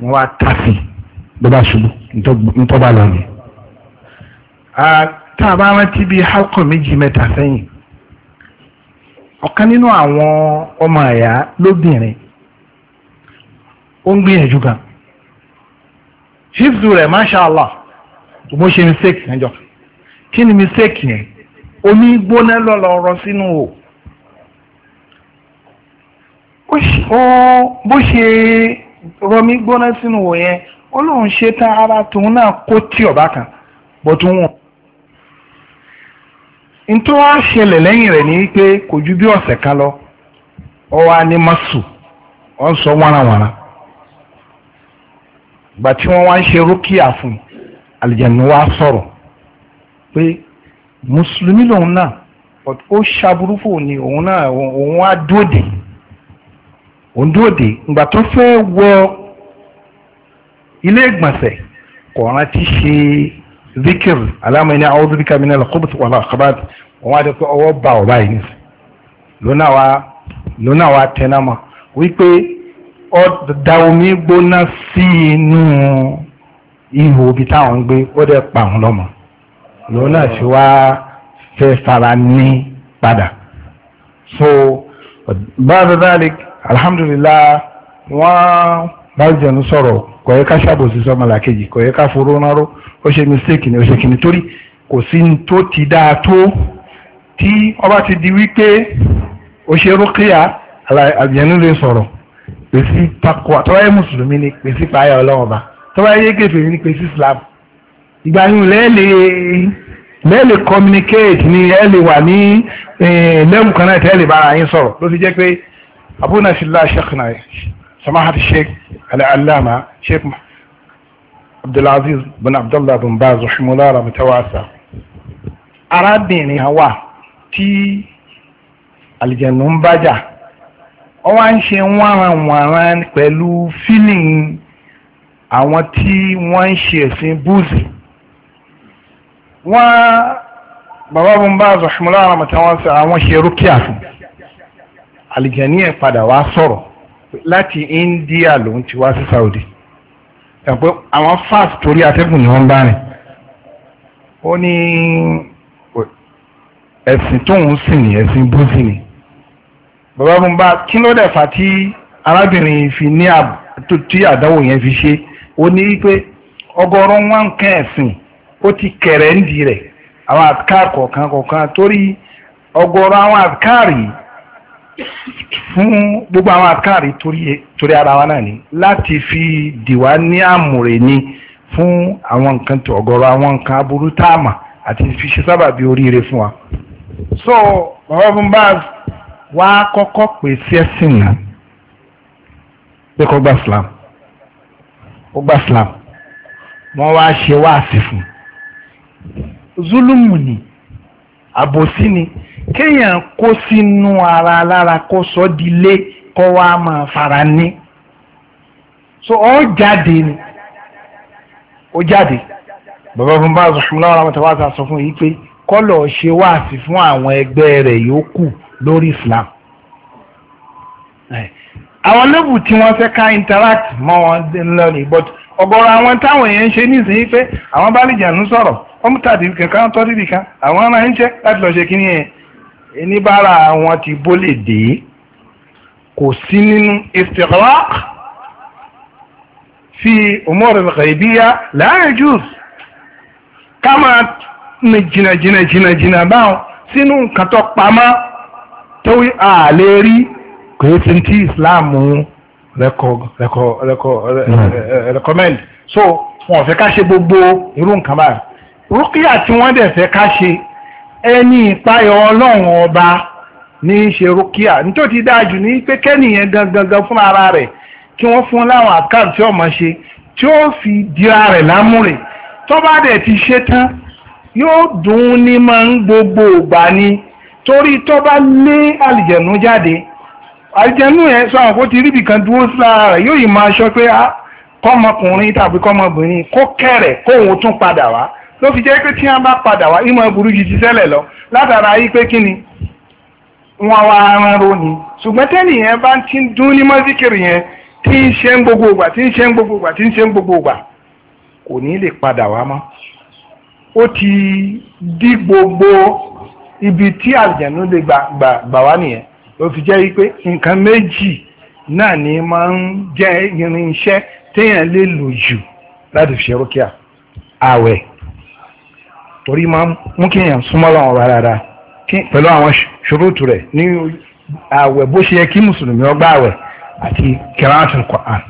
wọ́n wá tàfì bó bá ṣubú nítorí bá lọ yẹn. tá a bá rántí bíi halkọ méjì mẹ́ta sẹ́yìn ọ̀kan nínú àwọn ọmọ ẹ̀yà lóbìnrin ó ń gbìyànjú gan hifzu rẹ̀ mashallah mo ṣe mistake níjọ kí ni mistake yẹn omi gbóná lọ́lọ́ ọ̀rọ̀ sínú o bó ṣe rọmi gbóná sínú o yẹn ó lóun ṣe tán ara tòun náà kó tí ọ̀bá kan bọ̀tún wọn ntọ́ ṣẹlẹ̀ lẹ́yìn rẹ̀ pé kò ju kan lọ ọ wa ni masu ọ̀ gbà tí wọ́n wá ń ṣe rúkìá fún àlìjẹ̀nù wa sọ̀rọ̀ pé mùsùlùmí lòun náà ó ṣàbùrú fún ni òun náà òun á dóde òun dóde ìgbà tó fẹ́ wọ ilé ìgbọ̀nsẹ̀ kò rántí ṣe zikir alámọ̀ ní àwọn òdúbíkà mi náà lọ́kọ́ bùtù wàlá àkàbàdì wọ́n wá dé pé ọwọ́ bá ọ̀bá yìí lónà wa tẹnamọ́ wípé. ó da omi gbóná sí inú ihò ibi táwọn ń gbé ó dẹ̀ pa àwọn lòun náà sì padà so báyìí dáadáa alhamdulilah wọ́n báyìí jẹ̀nu ka kò yẹ ká ṣàbòsí sọ́mọlá kejì kò yẹ ká foró náró ó ṣe mistake ni ó ṣe kìíní torí kò sí ti dáa tó tí o ti di wípé ó ṣe lè pèsè takwa tọ́wọ́ yẹ mùsùlùmí ni pèsè fàáyà ọlọ́run ba tọ́wọ́ yẹ kèfèrí ni pèsè islam ìgbà yìí lẹ́ẹ̀lẹ́ lẹ́ẹ̀lẹ́ communicate ni lẹ́ẹ̀lẹ́ wà ní lẹ́mù kan náà tẹ́lẹ̀ bára yín sọ̀rọ̀ ló ti jẹ́ pé abúna sila sheikhna samahati sheikh al-allama sheikh abdulaziz bin abdullah bin baz rahimulara mutawasa arábìnrin hawa tí alìjẹ̀nù ń bájà ọ wá ń ṣe wọ́nranwọ̀nran pẹ̀lú feeling àwọn tí wọ́n ń ṣe ẹ̀sìn búùsì wọ́n bàbá bó ń bá zọ̀ṣùmọ́lá àwọn ọmọọ̀tá sọ àwọn ṣe rúkìá fún àlìjẹ̀ní ẹ̀ padà wá sọ̀rọ̀ láti India ló ń ti wá sí Saudi ẹ̀pẹ́ àwọn fast torí atẹ́gùn ni wọ́n bá rìn ó ní ẹ̀sìn tóun sìn ní ẹ̀sìn búùsì ni bàbá fún bá kí ló dẹ̀ fà tí arábìnrin fi ní tí àdáwò yẹn fi ṣe ó ní pé ọgọ́rùn wọn nǹkan ẹ̀sìn ó ti kẹ̀rẹ̀ ń di rẹ̀ àwọn àtikáàrì kọ̀ọ̀kan kọ̀ọ̀kan torí ọgọ́rùn àwọn àtikáàrì fún gbogbo àwọn àtikáàrì torí ara wa náà ni láti fi dìwà ní àmùrè ni fún àwọn nǹkan tó ọgọ́rùn àwọn nǹkan aburú táàmà àti fi ṣe sábàbí oríire fún wa. so bàbá fún bá wá kọ́kọ́ pè sí ẹ̀sìn náà pé kó gba Islam ó gba Islam wọ́n wá ṣe wáàsí fún zulumu ni àbòsí ni kéèyàn kó sínú ara lára kó sọ di lé kó wá máa fara ní so ọ jáde ni ó jáde bàbá fún bá a sọ fún láwọn àwọn àtàwọn àti àsọ fún yìí pé kọlọ ṣe wáàsí fún àwọn ẹgbẹ́ rẹ̀ yòókù lórí Islam àwọn lẹ́bù tí wọ́n fẹ́ ká interact mọ́ wọn lọ ní but ọ̀gọ̀rọ̀ àwọn táwọn èèyàn ń ṣe nísìnyí pé àwọn bá lè jàǹdù sọ̀rọ̀ kọ́mútà tí kankan tọ́ dídì kan àwọn ará ń ṣe láti lọ́ọ́ ṣe kí ni ẹ̀ níbàárà ti bó lè dé kò sí nínú istighraq fi umar al-ghaybiyya la yajuz ká máa jìnnà jìnnà jìnnà jìnnà báwọn sínú nǹkan tó pamọ́ tó wí àlè rí kò sí ti Islam hmm. recommend so wọn ò fẹ́ ká ṣe gbogbo irú nǹkan báyìí rúkìá tí wọ́n dẹ̀ fẹ́ ká ṣe ẹni ìpayọ̀ ọlọ́run ọba ní í ṣe rúkìá nítorí ti dájú ní pé kẹ́nìyẹn gangan fún ara rẹ̀ kí wọ́n fún láwọn àkáǹtì tí ọmọ ṣe tí ó fi dira rẹ̀ lámúre tó bá dẹ̀ ti ṣe tán yóò dùn ún ní máa ń gbogbo ìgbà ni. torí tó bá lé àlìjẹ̀nú jáde àlìjẹ̀nú ẹ̀ sọ àwọn ti ríbi kan dúró lára rẹ̀ yóò yìí máa sọ pé ah, kọ́mọkùnrin tàbí kọ́mọbìnrin kó kẹ̀rẹ̀ kóhun tún padà wá ló fi jẹ́ pé tí wọ́n bá padà wá ìmọ̀ burú ju ti tẹ́lẹ̀ lọ látara yí pé kí ni wọn wá aran ro ni ṣùgbọ́n tẹ́nìyẹn ti dún ní mọ́síkìrì yẹn tí ń ṣe ń gbogbo gba tí ń ṣe ń gbogbo ìgbà ti dí gbogbo ibi tí àlùjànnú lè gbà wá nìyẹn ló fi jẹ́ wípé nǹkan méjì náà ni máa ń jẹ́ irinṣẹ́ téèyàn lè lò jù láti fi ṣe rúkìá àwẹ̀ torí máa ń mú kí èèyàn súnmọ́ lọ́wọ́ ọba dáadáa pẹ̀lú àwọn ṣòrótù rẹ̀ ní àwẹ̀ bó ṣe yẹ kí mùsùlùmí ọgbà àwẹ̀ àti kẹrántì Qur'an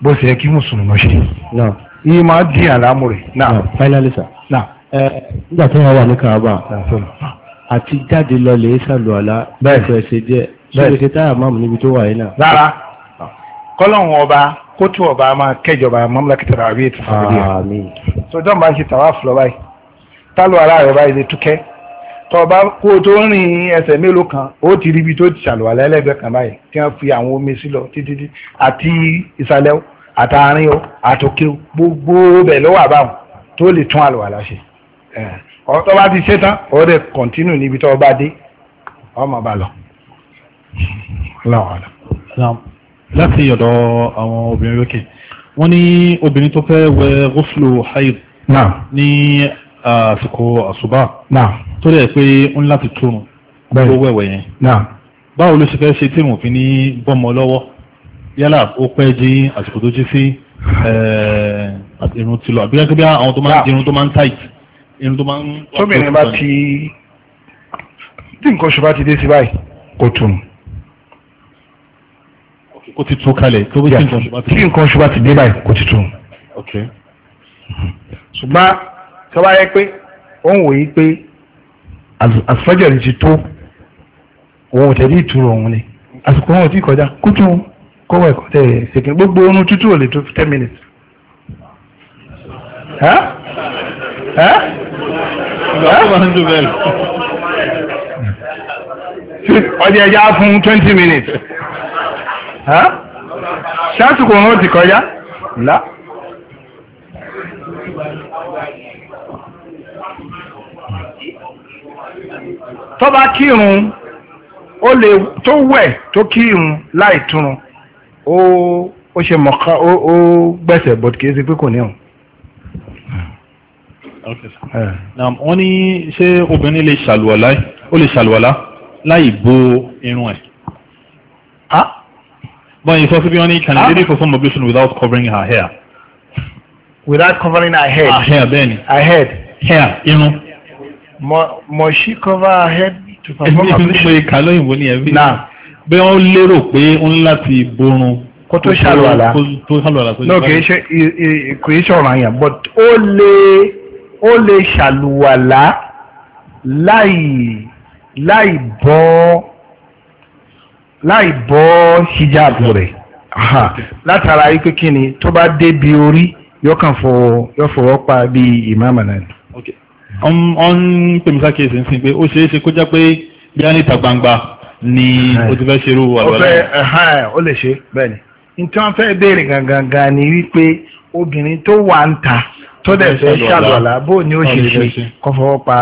bó ṣe yẹ kí mùsùlùmí ọṣẹ yìí máa dín àlámù rẹ̀ náà nígbà tí wọ́n wà ní kàábà àti jáde lọ lè sàlù àlá bẹ́ẹ̀ ṣe díẹ̀ ṣe ṣe táyà máàmù níbi tó wà yìí náà. rárá kọ́lọ́hún ọba kótó ọba máa kẹjọba mọ́mọ́lákìtàrà àbí ètò sàbẹ̀dì tó dán bá ń ṣe tàwa fúlọ́ báyìí tálù ara rẹ̀ báyìí lè túkẹ́ tọba kó o tó rìn ẹsẹ̀ mélòó kan ó ti rí ibi tó ti ṣàlùwà lẹ́lẹ́gbẹ̀ẹ́ kan báyìí tí wọ́n fi àwọn omi sí lọ títí àti ọ̀tọ́ bá ti ṣe tán ó dẹ̀ kọ̀ntínú níbi tó bá dé ọmọ bá lọ. láti ọ̀dọ̀ àwọn obìnrin lókè wọ́n ní obìnrin tó fẹ́ wẹ gúfúlù haid ní àsìkò àṣùbà tó dẹ̀ pé ń láti túrun tó wẹ̀wẹ̀ yẹn báwo ló ṣe fẹ́ ṣe tí mo fi ní bọ́mọ lọ́wọ́ yálà ó pẹ́ jí àsìkò tó jí sí irun ti lọ àbí gẹ́gẹ́ bí àwọn tó máa ń di irun tó máa ń tight irun tó máa ń. tóbìnrin bá ti tí nǹkan oṣù bá ti dé sí báyìí kò tún. kó ti tún kalẹ̀ tó bí tí nǹkan oṣù bá ti dé. tí nǹkan oṣù bá ti dé báyìí kò ti tún. ṣùgbọ́n tó bá yẹ pé ó ń wòye pé àsọjọ́rì ti tó òun ò tẹ̀lé ìtura òun ni àsìkò òun ò tí kọjá kó tún kọ́wọ́ ẹ̀kọ́ tẹ̀ ṣèkìn gbogbo oorun tútù ò lè tó ten minutes lọ ó máa ń dùn bẹ́ẹ̀ lọ. ọjà ẹja fún twenty minutes ṣáàtù kò hàn ó ti kọjá ńlá. tó bá kírun ó lè tó wẹ̀ tó kírun láì túrun ó ṣe mọ̀ká ó gbẹ̀sẹ̀ bọ̀dù kì í ṣe pé kò ní ọ̀hún. Eh. wọ́n ní ṣé obìnrin lè ṣàlùwàlá ó lè ṣàlùwàlá láì bo irun ẹ̀. but it's also beyond it can a lady perform ablution without covering her hair. without covering her head. her hair bẹ́ẹ̀ni. her head. hair irun. mo she cover her head to perform ablution. ẹbí pé kàlóyìnbó ni ẹbí. na bí wọ́n lérò pé ó ń láti borun kó tó ṣàlùwàlà kó tó ṣàlùwàlà no kì í ṣe kì í ṣe ọ̀ràn yẹn but ó lè. ó lè ṣàlùwàlá láì láì bọ́ láì bọ́ hijab rẹ̀ látara yìí ni tó bá débi orí yóò fọwọ́ pa bí ìmáàmà náà. wọ́n ń pè mí sákèsì ń sìn pé ó ṣeé ṣe kó jẹ́ pé bí gbangba ni o ti fẹ́ ṣerú àlùwàlá. ó lè ṣe bẹ́ẹ̀ ni. nǹkan fẹ́ wípé obìnrin tó wà ń tó dẹ̀ fẹ́ ṣàlùwàlà bó ni ó ṣe ṣe kó fọwọ́ pa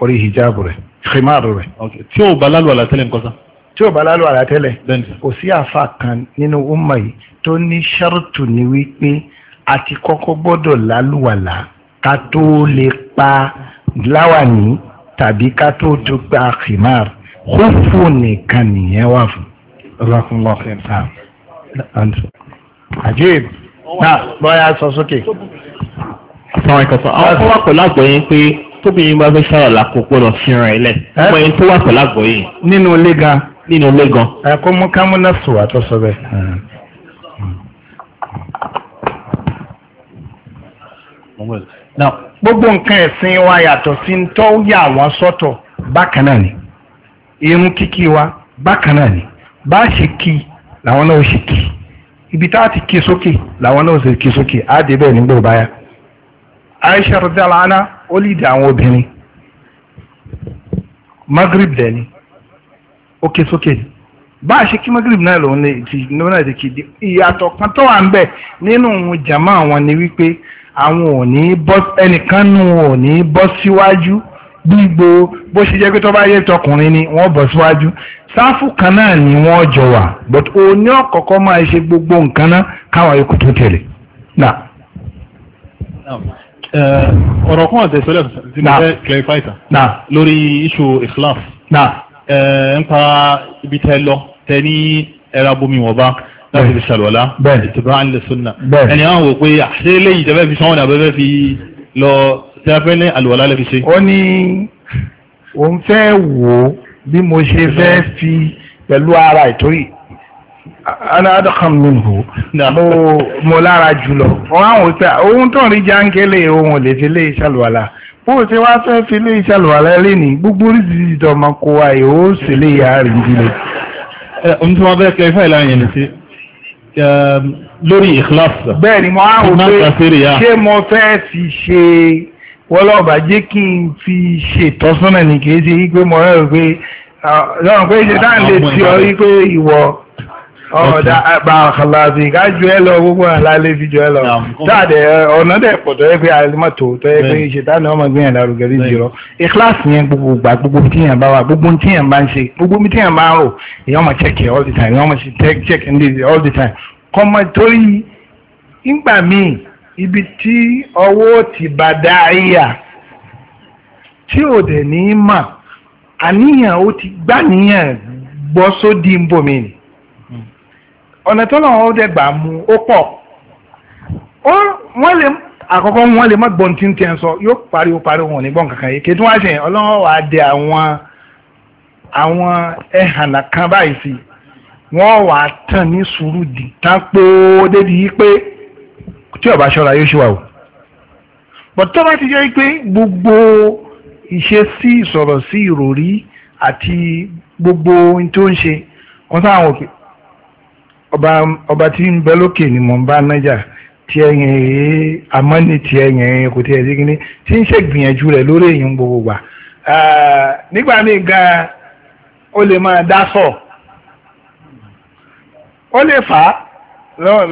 orí hijabu rẹ̀ khimaru rẹ̀. tí ò bá lálùwàlà tẹ́lẹ̀ nǹkan sá. tí ò bá lálùwàlà tẹ́lẹ̀ kò sí àfa kan nínú umma yìí tó ní ṣàrùtù ni wípé àti kọ́kọ́ gbọ́dọ̀ lálùwàlà ká tó lè pa láwàní tàbí ká tó tó pa khimaru kófò nìkan nìyẹn wà fún. Àjẹ́ bóyá sọ sókè àwọn ìkọ̀sán àwọn tó wà pẹ̀lú àgbọ̀yé pé tóbìnrin bá fẹ́ ṣàrọ̀ làkókò lọ fihàn ilẹ̀ ọmọ yẹn tó wà pẹ̀lú àgbọ̀yé. nínú ilé gan. nínú ilé gan. ẹ̀kọ́ mú kámúnà sùn àtọ́sọ bẹ́ẹ̀. gbogbo nǹkan ẹ̀sìn wa yàtọ̀ sí ń tọ́ yà wọ́n sọ́tọ̀ bákan náà ni irun kíkí wa bákan náà ni bá ṣe kí làwọn náà ṣe kí ibi tá a ti kí sókè làwọn náà ṣe kí sókè á dé bẹ́ẹ̀ nígbà báyà. Aisha radiala anha ó àwọn obìnrin Maghrib dẹni ókè sókè bá a ṣe kí Maghrib náà lòun lè ti náà lè kéde ìyàtọ̀ kan tó wà ń bẹ̀ nínú òun jàmá àwọn ni wípé àwọn ò ní bọ́ ẹnìkan nù ò ní bọ́ síwájú gbígbó bó ṣe jẹ́ pé tó bá yẹ ni wọ́n bọ̀ síwájú sáfù kan ni wọ́n jọ wà but ọ̀kọ̀ọ̀kọ́ máa ṣe gbogbo nǹkan náà káwọn ikú tó tẹ̀lé. Eh, ọ̀rọ̀ kan àti ìṣẹ̀lẹ̀ tí mo fẹ́ clarify ta. na lórí issue ikhlas. na ẹ eh, ń pa ibi tẹ lọ tẹ ní ẹra bomi wọ̀ bá láti fi ṣàlùwàlá. bẹ́ẹ̀ ìtura à ń lè sunna. bẹ́ẹ̀ ẹni àwọn wò pé àṣẹ ah, eléyìí tẹ fẹ́ fi sanwó ní abẹ́fẹ́ fi lọ tẹ fẹ́ ní àlùwàlá lè fi ṣe. ó ní òun fẹ́ wò bí mo ṣe fẹ́ fi pẹ̀lú ara ìtòrí ana adọ́kan minhu mo lára jùlọ wọ́n á wò ohun tó ń rí jáńkélé ohun lè fi lé ìṣàlùwàlà bó o ṣe wá fẹ́ fi lé ìṣàlùwàlà lẹ́nìí gbogbo oríṣiríṣi ìdọ̀mọ kó wa yìí ó sì lè yà rí ìdílé. ohun tí wọ́n bẹ́ẹ̀ kẹ́ ifá ìlànà yẹn sí um, lórí ìkíláàsì. bẹ́ẹ̀ ni mo á wò pé ṣé mo fẹ́ fi ṣe wọ́lọ́ọ̀bà jẹ́ kí n fi ṣètọ́sọ́nà ní kì í ṣe wípé mo rẹ́ rò pé ah, lọ́rùn pé ṣe dáhùn lè ti ọ ọ̀dà àbàkàlàbì kájú ẹ lọ gbogbo àlàlẹ́ fi jọ ẹ lọ táàdì uh, ọ̀nà dẹ̀ pọ̀ tọ́ yẹ pé àlùmọ́tò tọ́ yẹ pé ṣètàní ọmọ gbìyànjú lárugẹ rí jùlọ ìkíláàsì yẹn gbogbo gbà gbogbo tíyàn bá wà gbogbo tíyàn bá ń ṣe gbogbo tíyàn bá ń rò èèyàn máa check all the time èèyàn máa ṣe check all the time kọ́mọ torí ìgbà míì ibi tí ọwọ́ ti bá dá àyà tí ò dẹ̀ ní í mà àníyàn ó ti gbàníyàn gbọ́ sódì ń bòmíì ọ̀nà tọ́lọ́wọ́n ó dẹ̀ gbà mú ó pọ̀ wọ́n lè àkọ́kọ́ wọ́n lè má gbọ́n tí ń tẹ́ ń sọ yóò pariwo pariwo wọn ní gbọ́n kankan yìí kẹtù wá ṣe yẹn ọlọ́wọ́ wà á dẹ àwọn àwọn ẹ̀hànà kan báyìí sí wọ́n wà á tàn ní sùúrù dì tán pé ó débi yìí pé tí ọba ṣọ́ra yóò ṣe wà o bọ̀tọ́ bá ti jẹ́ pé gbogbo ìṣesí ìsọ̀rọ̀ sí ìròrí àti gbogbo ohun tó ń ṣe wọ́n sáwọn òkè ọba ọba tí ń bẹ lókè ni mò ń bá nájà tí ẹyìn èyí àmọ́ ní tí ẹyìn èyí kò tí ẹ dígí ní tí ń ṣe gbìyànjú rẹ̀ lórí èyí gbogbo gbà ah, nígbà míì gan ó lè máa dá sọ ó lè fà á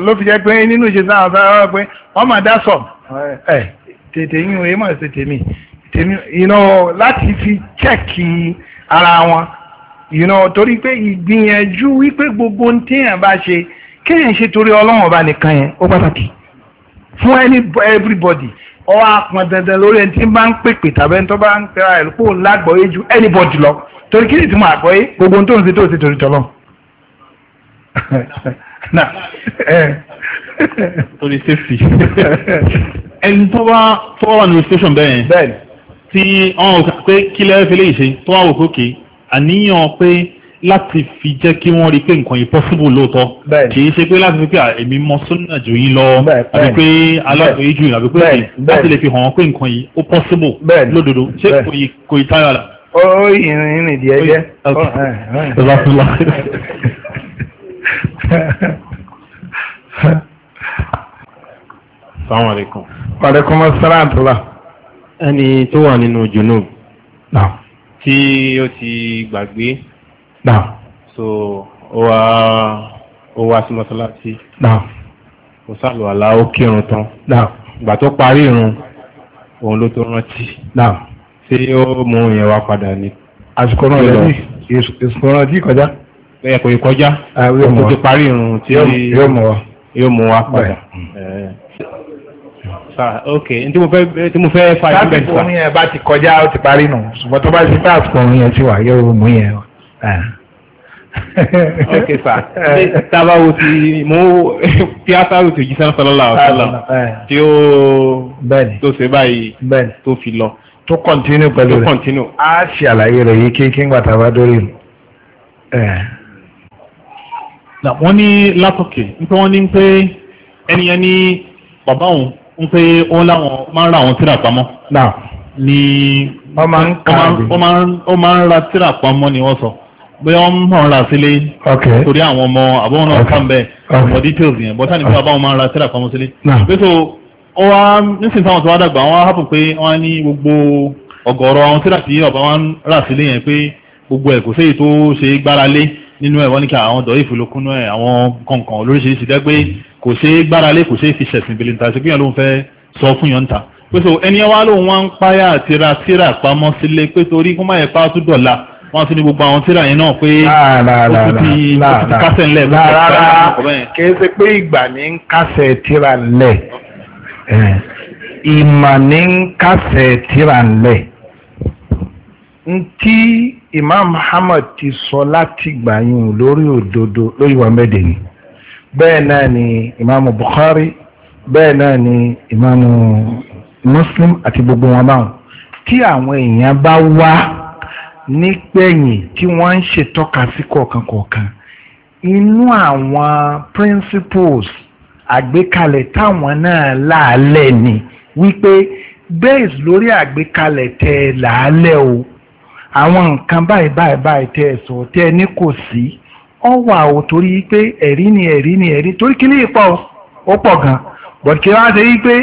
ló fi jẹ́ pé nínú ìṣesí àwọn afẹ́rẹ́ wọn pé wọ́n máa dá sọ eh, tètè yín o èyí mọ̀ sí tèmi tèmi láti fi chẹ́ẹ̀kì ara wọn you know torí pé ìgbìyànjú wípé gbogbo ń téèyàn bá ṣe kéèyàn ṣe torí ọlọ́run ọba nìkan yẹn ó pàtàkì fún any everybody ọ wá pọn dandan lórí ẹni tí ń bá ń pèpè tàbí ẹni tó bá ń pera ẹ̀ kó lágbọ̀ọ́yé ju anybody lọ torí kí ni ìtumọ̀ àgbọ̀ọ́yé gbogbo tó ń ṣe tó ṣe torí tọ́lọ́. <laughs> Eh. <laughs> torí safety ẹni tó bá tó wà ní station bẹ́ẹ̀ tí wọ́n pé kílẹ̀ fẹ́lẹ́ ìṣe tó wà wò kókè àníyàn pé láti fi jẹ́ kí wọ́n rí pé nǹkan yìí possible lóòótọ́ kì í ṣe pé láti fi pé èmi mọ súnà jù yín lọ àbí pé aláàbòyí jù yín àbí pé láti lè fi hàn wọ́n pé nǹkan yìí ó possible lódodo ṣé kò yí táyà là. ó yìnrìn ní ìdí ẹjẹ. salaamaleykum. wàlẹ́kùn mọ́ sáláàtúlá. ẹni tó wà nínú junub. náà tí ó ti gbàgbé. Náà. So ó wá ó wá sí mọ́sálásí. Náà. Ó sàlùwàlá ó kírun tán. Náà. Ìgbà tó parí irun òun ló tó rántí. Náà. Ṣé ó mú ìyẹn wá padà ni? Àsìkò náà lẹ́yìn ìsìnkò náà dí kọjá. Bẹ́ẹ̀ kò ì kọjá. Àwọn èèyàn tó ti parí irun tí yóò mú wa padà sà ok tí mo fẹ́ tí mo fẹ́ fa ìlú bẹ́ẹ̀ sà. sáàpù yẹn bá ti kọjá ó ti parí nù ṣùgbọ́n tó bá ti sáàpù òun yẹn ti wà yóò mú yẹn o. <laughs> ok sà tábà wo ti mo <laughs> tí a sáré tó jísán sọlọ́lá ah, ọ̀sọ́lá ah. tí ó tó ṣe báyìí tó fi lọ. tó kọ̀ntínú pẹ̀lú rẹ̀ tó kọ̀ntínú. a ṣe àlàyé rẹ̀ yìí kí ń gbà tàbá dórí rẹ̀ wọ́n ní látọ̀kì nípa wọ́n ní pé ẹni ẹni bàbá òun ń pé ó láwọn máa ń ra àwọn tíra pamọ́. ni o máa ń kàwé ó máa ń ra tíra pamọ́ ni wọ́n sọ bóyá wọ́n mọ̀ ń ra sílé torí àwọn ọmọ àbọ̀wọ́n náà kàn bẹ́ẹ̀ ọmọ details yẹn bọ́tà nípa báwọn máa ń ra tíra pamọ́ sílé. pẹ́sọ ó wá nísìnyí táwọn tó wá dàgbà wọ́n á hàpù pé wọ́n á ní gbogbo ọ̀gọ̀ọ̀rọ̀ àwọn tíra tí ọ̀bá wọn rà sílé yẹn pé gbogbo ẹ̀ kò séyìí tó ṣe gbára lé nínú ẹ̀ wọ́n ní kí àwọn dọ̀ ìfòlókúnú ẹ̀ àwọn kọ̀ọ̀kan lóríṣiríṣi dẹ́ pé kò ṣe é gbáralé kò ṣe é fi ṣẹ̀sìn bèlè níta ṣe pé yàn ló ń fẹ́ sọ fún yàn ta pé so ẹni wá lóun wá ń páyà tira tíra pamọ́ sílé pé torí kó má yẹ pa tó dọ̀la wọ́n ti ní gbogbo àwọn tíra yẹn náà pé ó ti kásẹ̀ ńlẹ̀. rárá kì ṣe pé ìgbà ní ń kásẹ̀ tíra ńlẹ̀ eh, ìmọ̀ ní ń kásẹ̀ tíra ńlẹ̀ Imam Muhammad ti sọ láti gbàyìn lórí òdodo lórí wa ni bẹ́ẹ̀ náà ni Imam Bukhari bẹ́ẹ̀ náà ni Imam Muslim àti gbogbo wọn báwọn tí àwọn èèyàn bá wá nígbẹ̀yìn tí wọ́n ń ṣètọ́ka sí kọ̀ọ̀kan kọ̀ọ̀kan inú àwọn principles àgbékalẹ̀ táwọn náà láàlẹ̀ ni wípé based lórí àgbékalẹ̀ tẹ làálẹ̀ o àwọn nǹkan báyìí báyìí báyìí tẹ́ ẹ sọ tẹ́ ẹ ní kò sí ọ wà ó torí pé ni ni torí kí ó gan bọ̀dì kí wọ́n á ṣe yí pé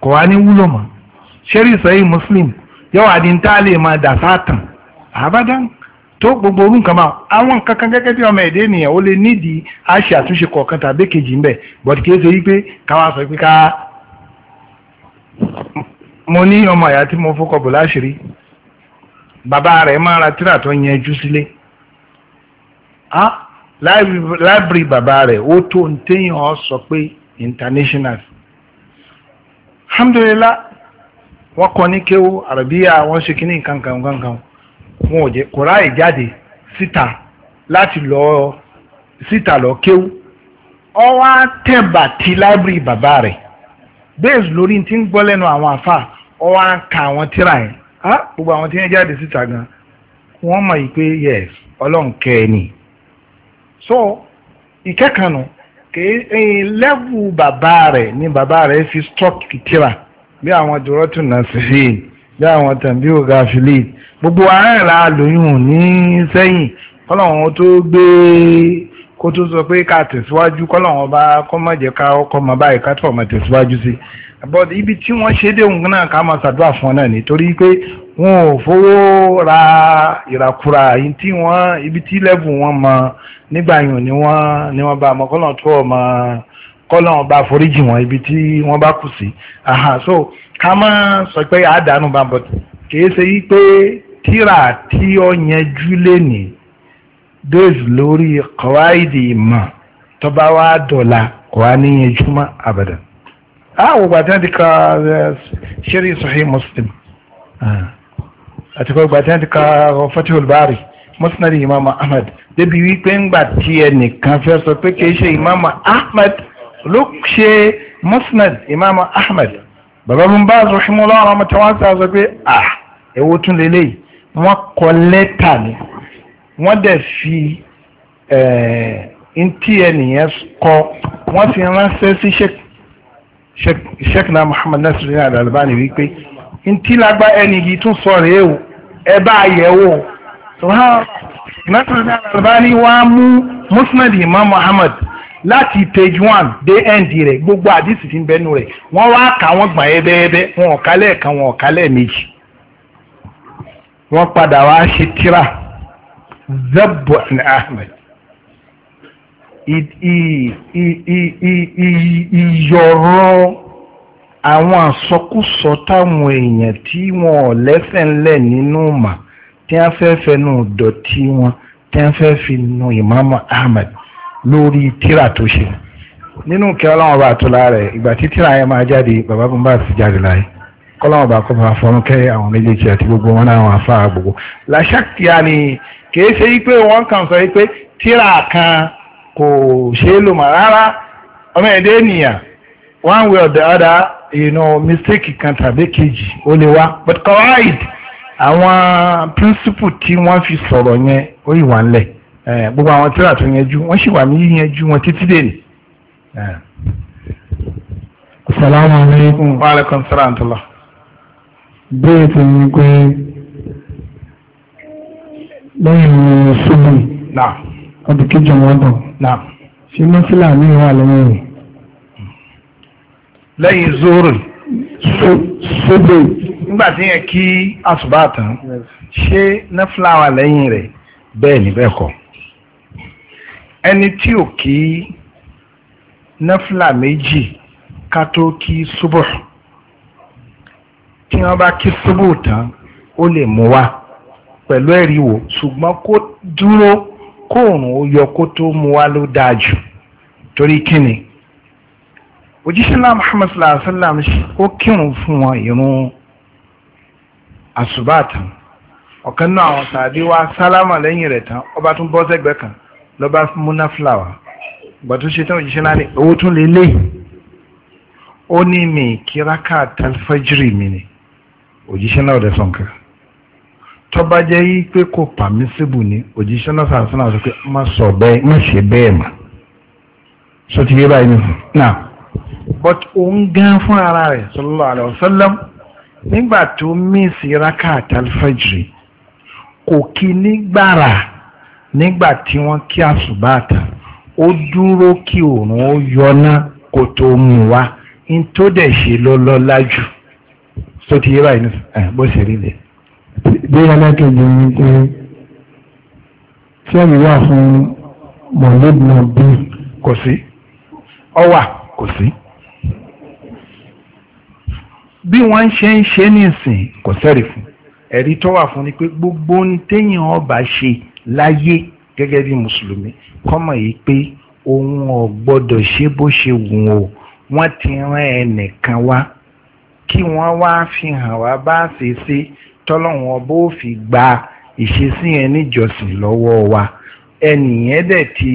kò wá ní wúlò mọ́ ṣẹ́rí muslim yóò wá di ní tá lè máa dà gbogbo orú nǹkan báwọn àwọn nǹkan kan gẹ́gẹ́ bí ọmọ èdè ni ó lè nídìí á ṣe àtúnṣe kọ̀ọ̀kan tàbí kejì ńbẹ̀ bọ̀dì kí ó ṣe yí pé káwá sọ pé ká mo ní bàbá rẹ̀ máa ra tíra tó yanjú sílé láìbírí bàbá rẹ̀ ó tó ń téyàn ọ sọ pé international alhamdulillah wọ́n kọ́ ní kéwú àràbíyà wọ́n ṣe kíní kankan kankan wọn ò jẹ́ kò ráyè jáde síta láti lọ síta lọ kéwú ọ wá tẹ̀bà tí láìbírí bàbá rẹ̀ bẹ́ẹ̀ lórí ti ń gbọ́ lẹ́nu àwọn àfà ọ wá ń ka àwọn tíra yẹn Ah, gbogbo àwọn tí wọ́n jáde síta gan wọ́n mọ̀ yìí yes ọlọ́run kẹ́ ẹ ni so ìkẹ́kànnù lẹ́wù bàbá rẹ̀ ni bàbá rẹ̀ fi stock tira bí àwọn jòrọ́tù náà sì fi bí àwọn tàbí ògá fìlì gbogbo àárẹ̀ la lóyún ní sẹ́yìn ọlọ́run tó gbé kó tó sọ pé ká tẹ̀síwájú kọ́lọ́wọ́n bá kọ́ má jẹ́ ká ọkọ̀ máa báyìí ká tó ọmọ tẹ̀síwájú sí but ibi tí wọ́n ṣe dé òun náà ká máa ṣàdúrà fún ọ náà nítorí pé wọn ò fowó ra ìràkúra yìí tí wọ́n ibi tí lẹ́bù wọn mọ nígbà yìí ni wọ́n ni wọ́n bá ọmọ kọ́lọ́wọ́n tó ọmọ kọ́lọ́wọ́n bá foríjì wọn ibi tí wọ́n bá kù sí so ká máa sọ pé àdánù bá bọ̀ kì í ṣe yí pé tíra tí ó yẹn jú lénìí base lórí kọ̀wáìdì ìmọ̀ tó bá wá dọ̀la kò wá níyẹn júmọ́ àbàdàn. àwọn gbàtàn ti ka ṣeré eh, sahih muslim ah. àti kọ́ gbàtàn ti ka fatihul bari musnad imam ahmed débi wípé ńgbà tí ẹnìkan fẹ́ sọ pé kì í ṣe imam ahmed ló ṣe musnad imam ahmed bàbá bin baz rahimahullah rahmatulahi sọ pé ah èwo tún lélẹ́yìí wọ́n kọ lẹ́tà ni wọ́n dẹ̀ fi eh, ntí ẹnìyẹn kọ́ wọ́n fi ránṣẹ́ sí sheikh na muhammad nasiru al-Albani wípé ntí lágbá ẹnì yìí tún sọ rèé o ẹ bá yẹ̀wò nasiru al-Albani wá mú musnad imam muhammad láti page one dé end rẹ̀ gbogbo àdìsí ti ń bẹnu rẹ̀ wọ́n wá kà wọ́n gbọ̀n ẹbẹ́ẹ́bẹ́ wọn ò kálẹ̀ kan wọn ò kálẹ̀ méjì wọ́n padà wá ṣe tíra. ذب عن ahmed ìyọ̀rọ̀ àwọn àsọkúsọ táwọn èèyàn tí wọn ò lẹ́sẹ̀ ńlẹ̀ nínú mà tí wọ́n fẹ́ fẹnu dọ̀tí wọn tí wọ́n fẹ́ fi nu ìmáàmù ahmed lórí tíra tó ṣe nínú kí ọlọ́run bá tó lára ẹ̀ ìgbà tí tíra yẹn máa jáde bàbá bó ń bá ti jáde láyé kọ́lọ́run bá kọ́ bá fọ́nkẹ́ àwọn méjèèjì àti gbogbo wọn náà wọn afá gbogbo làṣà kí á kìí ṣe wípé wọ́n kàn sọ wípé tíra kan kò ṣeé lò mọ́ rárá ọmọ ẹ̀dẹ́ ènìyàn one way or the other you know, mistake kan tàbí kejì ó lè wá but correct àwọn principle tí wọ́n fi sọ̀rọ̀ yẹn ó yìí wà ńlẹ̀ gbogbo àwọn tíra tó yẹn jú wọ́n sì wà ní yíyanjú wọn títí dé ni. Assalamu alaikum. salaam tó lọ. tó ń gbé lẹ́yìn ṣubú ọdún kejì wọn bọ̀ ṣé nọ́fìlà mi wà lẹ́yìn rẹ̀. lẹ́yìn zoro ṣubú. nígbà tí yẹn kí àsùbá tán ṣé nọ́fìlà wà lẹ́yìn rẹ̀ bẹ́ẹ̀ ni bẹ́ẹ̀ kọ́ ẹni tí ò kí nọ́fìlà méjì ká tó kí ṣubú tí wọ́n bá kí ṣubú tán ó lè mú wa pẹ̀lú ẹ̀rí wò ṣùgbọ́n kó dúró kóòrùn ó yọ kó tó mu wá ló dáa jù torí kíni òjíṣẹ́ náà Muhammad sallallahu alayhi wa sallam ó kírun fún wọn ìrun àṣùbàtàn ọ̀kan náà àwọn sàbí wa sálámà lẹ́yìn rẹ̀ tán ọba tún bọ́ sẹ́gbẹ̀ẹ́ kan lọ́ba múná fúláwà ìgbà tó ṣe tán òjíṣẹ́ náà ní owó tún lè lé ó ní mi kíráká tàlfàjírì mi ni òjíṣẹ́ náà ò dẹ̀ sọ̀nkà tọ́ba jẹ́ yí pé kò pàmísìbù ni òjíṣẹ́ náà sàrà sọ́nà sọ pé má sọ bẹ́ẹ̀ má ṣe bẹ́ẹ̀ mà sọ ti yé báyìí nìyí náà but òun gan fún ara rẹ̀ sallallahu alaihi wasallam nígbà tó mísì rákàtà alfajiri kò kí ní gbàrà nígbà tí wọ́n kí àsùbàtà ó dúró kí òòrùn ó yọná kó tó mú wa n tó dẹ̀ ṣe lọ́lọ́lá jù sọ ti yé báyìí nìyí bó ṣe rí lẹ́yìn ìbéèrè alákejì ni pé tí ẹ̀mí wà fún mọ̀lẹ́bí náà bí. kò sí ọ wà kò sí. bí wọ́n ṣe ń ṣe nísìn kò sẹ́rì fún ẹ̀rí tó wà fún ni pé gbogbo ohun téèyàn ọba ṣe láyé gẹ́gẹ́ bí mùsùlùmí kọ́mọ̀ yìí pé òun ò gbọ́dọ̀ ṣe bó ṣe wù ú wọ́n ti rán ẹnìkan wá kí wọ́n wá fi hàn wá bá ṣe ṣe tọ́lọ́run ọba ó fi gba ìṣesí yẹn níjọsìn lọ́wọ́ wa ẹnìyẹn dẹ̀ ti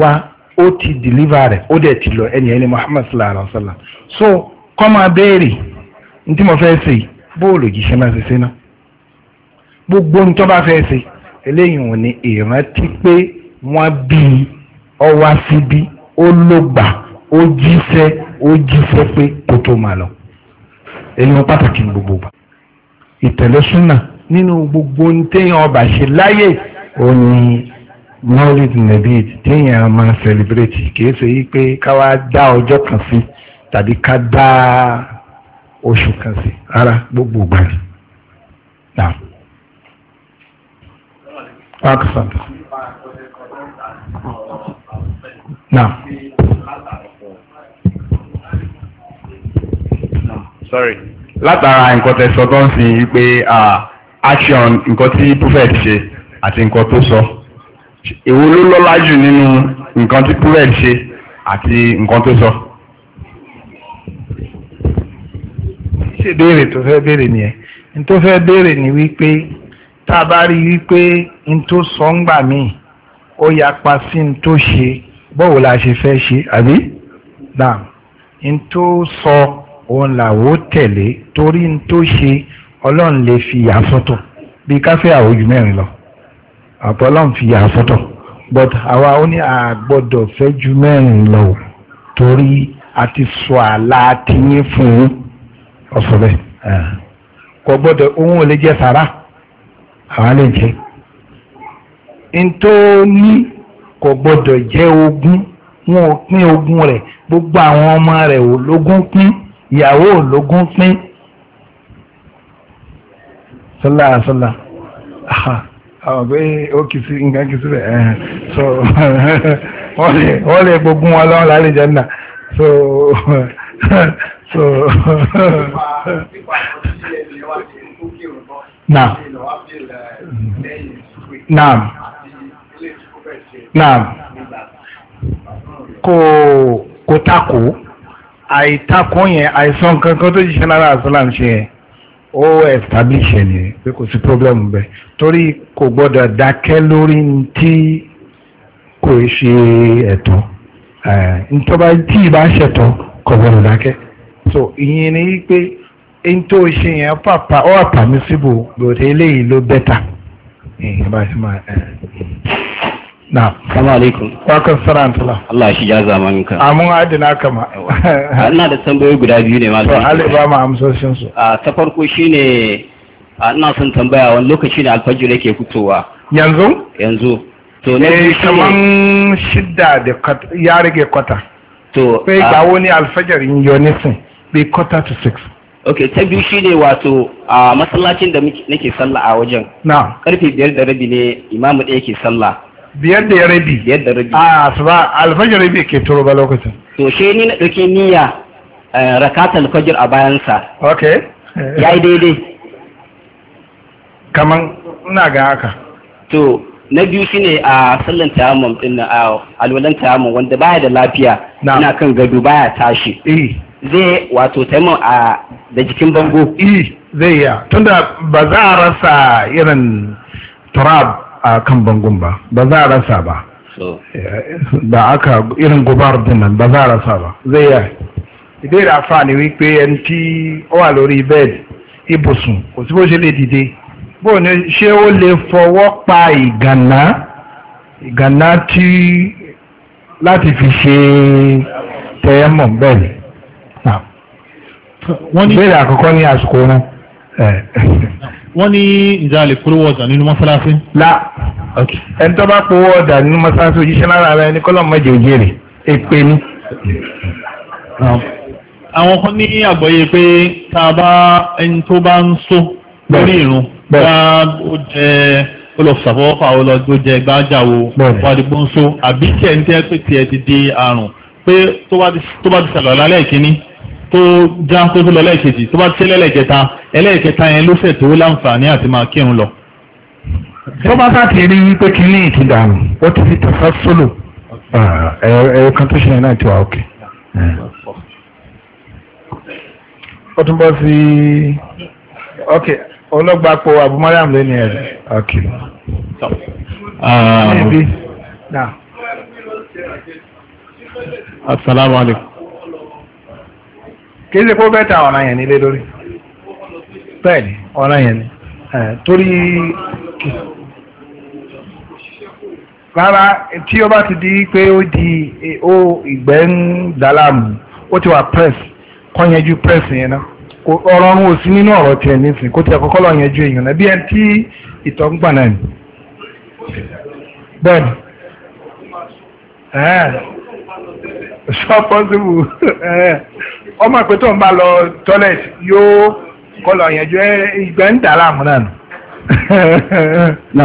wá ó ti deliver rẹ̀ ó dẹ̀ ti lọ ẹnìyẹn ni Muhammad sallallahu alayhi wa sallam so kọ́ máa béèrè ní tí mo fẹ́ ṣe bóòlù jíṣẹ́ máa ṣe ṣe náà gbogbo ní tó bá fẹ́ ṣe eléyìí wọn ni ìrántí pé wọ́n bí ọ wá síbí ó ló gbà ó jíṣẹ́ ó jíṣẹ́ pé kó tó máa lọ èyí wọn pàtàkì ní gbogbo gbà. ìtẹ̀lé ninu nínú gbogbo téèyàn ọba ṣe láyè ó ní maulid nabi téèyàn máa celebrate kì í ṣe yí pé ká wá dá ọjọ́ kan sí tàbí ká dá oṣù kan sí ara gbogbo ìgbà ni. Sorry. látara nǹkan tẹ sọ tó ń sin wípé action nǹkan tí prophet ṣe àti nǹkan tó sọ èwo ló lọ́lá jù nínú nǹkan tí prophet ṣe àti nǹkan tó sọ. ṣé béèrè tó fẹ́ béèrè nìyẹn n tó fẹ́ béèrè ni wípé tá a bá rí wípé n tó sọ ń gbà míì ó yapa sí n tó ṣe bọ́wọ́ la ṣe fẹ́ ṣe àbí? n tó sọ. So, òun làwọ̀ tẹ̀lé torí n tó ṣe ọlọ́run lè fi yà sọ́tọ̀ bí káfẹ́ àwòjù mẹ́rin lọ àpò ọlọ́run fi yà sọ́tọ̀ but àwa ó ní àgbọ́dọ̀ fẹ́ ju mẹ́rin lọ torí a ti sọ àlá tiyín fún ọ̀sọ̀ bẹ́ẹ̀ ah. kò gbọ́dọ̀ òun ò lè jẹ́ sàrà àwa lè jẹ́ ntóní kò gbọ́dọ̀ jẹ́ ogún wọn ò pín ogún rẹ̀ gbogbo àwọn ọmọ rẹ̀ ò lógún pín ìyàwó ológun pín sọlá sọlá àwọn pé ó kì sí nǹkan kì sí rẹ̀ ẹ̀hìn so <laughs> wọ́n lè gbógun wọn lọ́wọ́ lálẹ́ jẹ́ nà so <laughs> so <laughs> naam naam naam kò kò takò àìtakùn yẹn àìsàn kankan tó jíṣẹ́ lára àṣàlám ṣe yẹn ó establish ẹni pé kò sí problem bẹ́ẹ̀ torí kò gbọ́dọ̀ dákẹ́ lórí tí kò ṣe ẹ̀tọ́ ntọ́ba tí ì bá ṣẹ̀tọ́ kò gbọ́dọ̀ dákẹ́ so ìyẹn ni pé n tó ṣe yẹn pàpà ó àpàmísìbò gbòdè eléyìí ló bẹ́tà ìyẹn na salamu alaikum wakar sarantala Allah shi ya zama minka ah, mun adina kama ina da tambayoyi guda biyu ne malam to alba ma amsoshin su a ah, ta farko shine ah, ina son tambaya wani lokaci ne alfajir yake fitowa yanzu yanzu to eh, ne kaman shidda da ya rage kwata to sai ga wani alfajir in yonisin bai kwata to six ok ta biyu shi ne wato a masallacin da nake sallah a wajen na karfe biyar da rabi ne imamu ɗaya ke sallah biyar da ya rabi biyar da rabi a ah, asuba alfajiri bai ke turo ba lokacin to shi ni na dauke niyya eh, rakata alfajir a bayansa? ok Ya yi daidai kaman ina ga haka to na biyu ne a sallan tayammum din a alwalan tayammum wanda baya da lafiya ina kan gado baya tashi zai wato taimon a da jikin bango? zai ya tunda ba za a rasa irin turab a kan bangon ba ba za a rasa ba da aka irin gobar din nan ba za a rasa ba zai yà ìbéèrè àfààní wípé ẹni tí ó wà lórí bẹ́ẹ̀dì ibùsùn kò sí bó ṣe lè dìde bó ni ṣé ó lè fọwọ́ pa ìgànná ìgànná tí láti fi ṣe tẹ̀yẹ́mọ̀ bẹ́ẹ̀ni ìbéèrè àkọ́kọ́ ní àsìkò wọn. <laughs> wọ́n ní ìjà lè polówó ọjà nínú mọ́sálásí. la ẹni tó bá polówó ọjà nínú mọ́sálásí òjíṣẹ́ lára rẹ ní kọ́lọ́ mọ́jẹ òjèrè èpè ni. àwọn kan ní àgbọ́yé pé tá a bá ẹni tó bá ń sọ lórí ìrun bá ó jẹ olùsàfọwọ́fà olọ́gbó jẹ gbájáwo wàdìgbò ń sọ àbí tí ẹni tẹ́ pé tiẹ̀ ti di àrùn pé tó bá ti sàlọ̀ lálẹ́ ìkíní tó já tó tó lọ lẹ́ẹ̀kejì tó bá ti ṣẹlẹ̀ lẹ́ẹ̀kẹta ẹlẹ́ẹ̀kẹta yẹn ló fẹ̀ tó láǹfààní àti máa kírun lọ. tó bá sá ti rí wípé kínní ìtì dànù ó ti fi tẹ̀sán sólò ah, ẹ̀rọ kan tó ṣẹlẹ̀ náà ti wà òkè. ó tún bọ́ sí ok ọlọ́gbàpọ̀ abumariam lẹ́nu ẹ̀rí ok. asalaamualeykum. kí ni ah. kó bẹ́ẹ̀ ta ọ̀nà yẹn nílé lórí. bẹ́ẹ̀ ni yẹn ni torí rárá tí ó bá ti di pé ó di e, ó ìgbẹ́ ń dàlámù ó ti wà press kọ́ press yẹn náà ọ̀rọ̀ ọ̀run ò sí nínú ọ̀rọ̀ tiẹ̀ nísìn kó tiẹ̀ lọ tí ń <laughs> kọlọ̀ yẹnjú ìgbẹ́ ń dàrá àmú náà nù.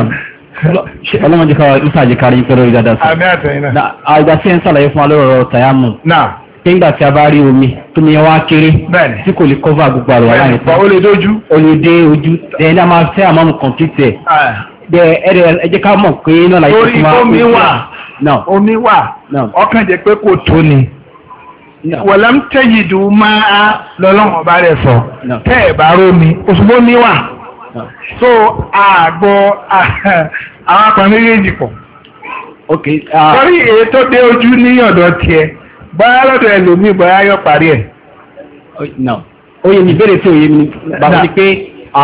ọlọ́mọdé kọ́ isa àjẹkárí pẹ̀lú ìdádá sí. àmì àtẹ̀yìn náà. àgbà sí ń sàlàyé fún alọ́rọ̀ tayamu. náà. nígbà tí a bá rí omi tó ní ẹwà kéré. bẹ́ẹ̀ni tí kò lè kọ́fà gbogbo àrò aláìní. bẹ́ẹ̀ni o lè dójú. o lè dé ojú ẹni a máa fẹ́ àmọ́mù kọ̀ǹpútì ẹ̀. bẹ ẹrẹ ẹjẹ ká mọ̀ pé náà láyé wọ̀lám tẹ́yìdù máa lọ́lọ́wọ̀n bá rẹ̀ sọ tẹ́ ẹ̀ bá rómi òṣùgbó níwà so àgbọ̀ àwọn akọni méjèèjì pọ̀ torí èyí tó dé ojú ní ọ̀dọ̀ tiẹ̀ báyá lọ́dọ̀ ẹlòmíì báyá yọ parí ẹ̀. ó yẹ mi béèrè tí ò yẹ mi bàbá ni pé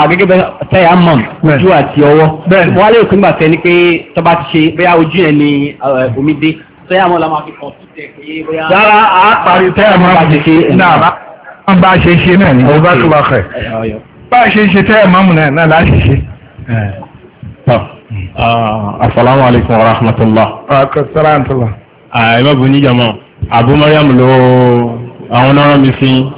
gẹ́gẹ́ bẹ tẹ́yà mọ̀ ojú àti ọwọ́ wọ́n á lè kún gbà tẹ́ ni pé tọ́ba ti ṣe bẹ́yà ojú ẹ̀ ni omi dé tẹ́yàmọ́ la máa fi kọ̀ sí tẹ̀ pé bóyá. Yára a parí tẹ́yàmọ́ àjèké náà bá ń bá ṣe ṣe náà ní ọba tó bá fẹ̀. Bá ṣe ṣe tẹ́yàmọ́ mu náà náà Asalaamu ah, alaykum wa rahmatulah. Akasara antala. Ẹ má bu ní jama. Abu Mariam ló àwọn náà mi fi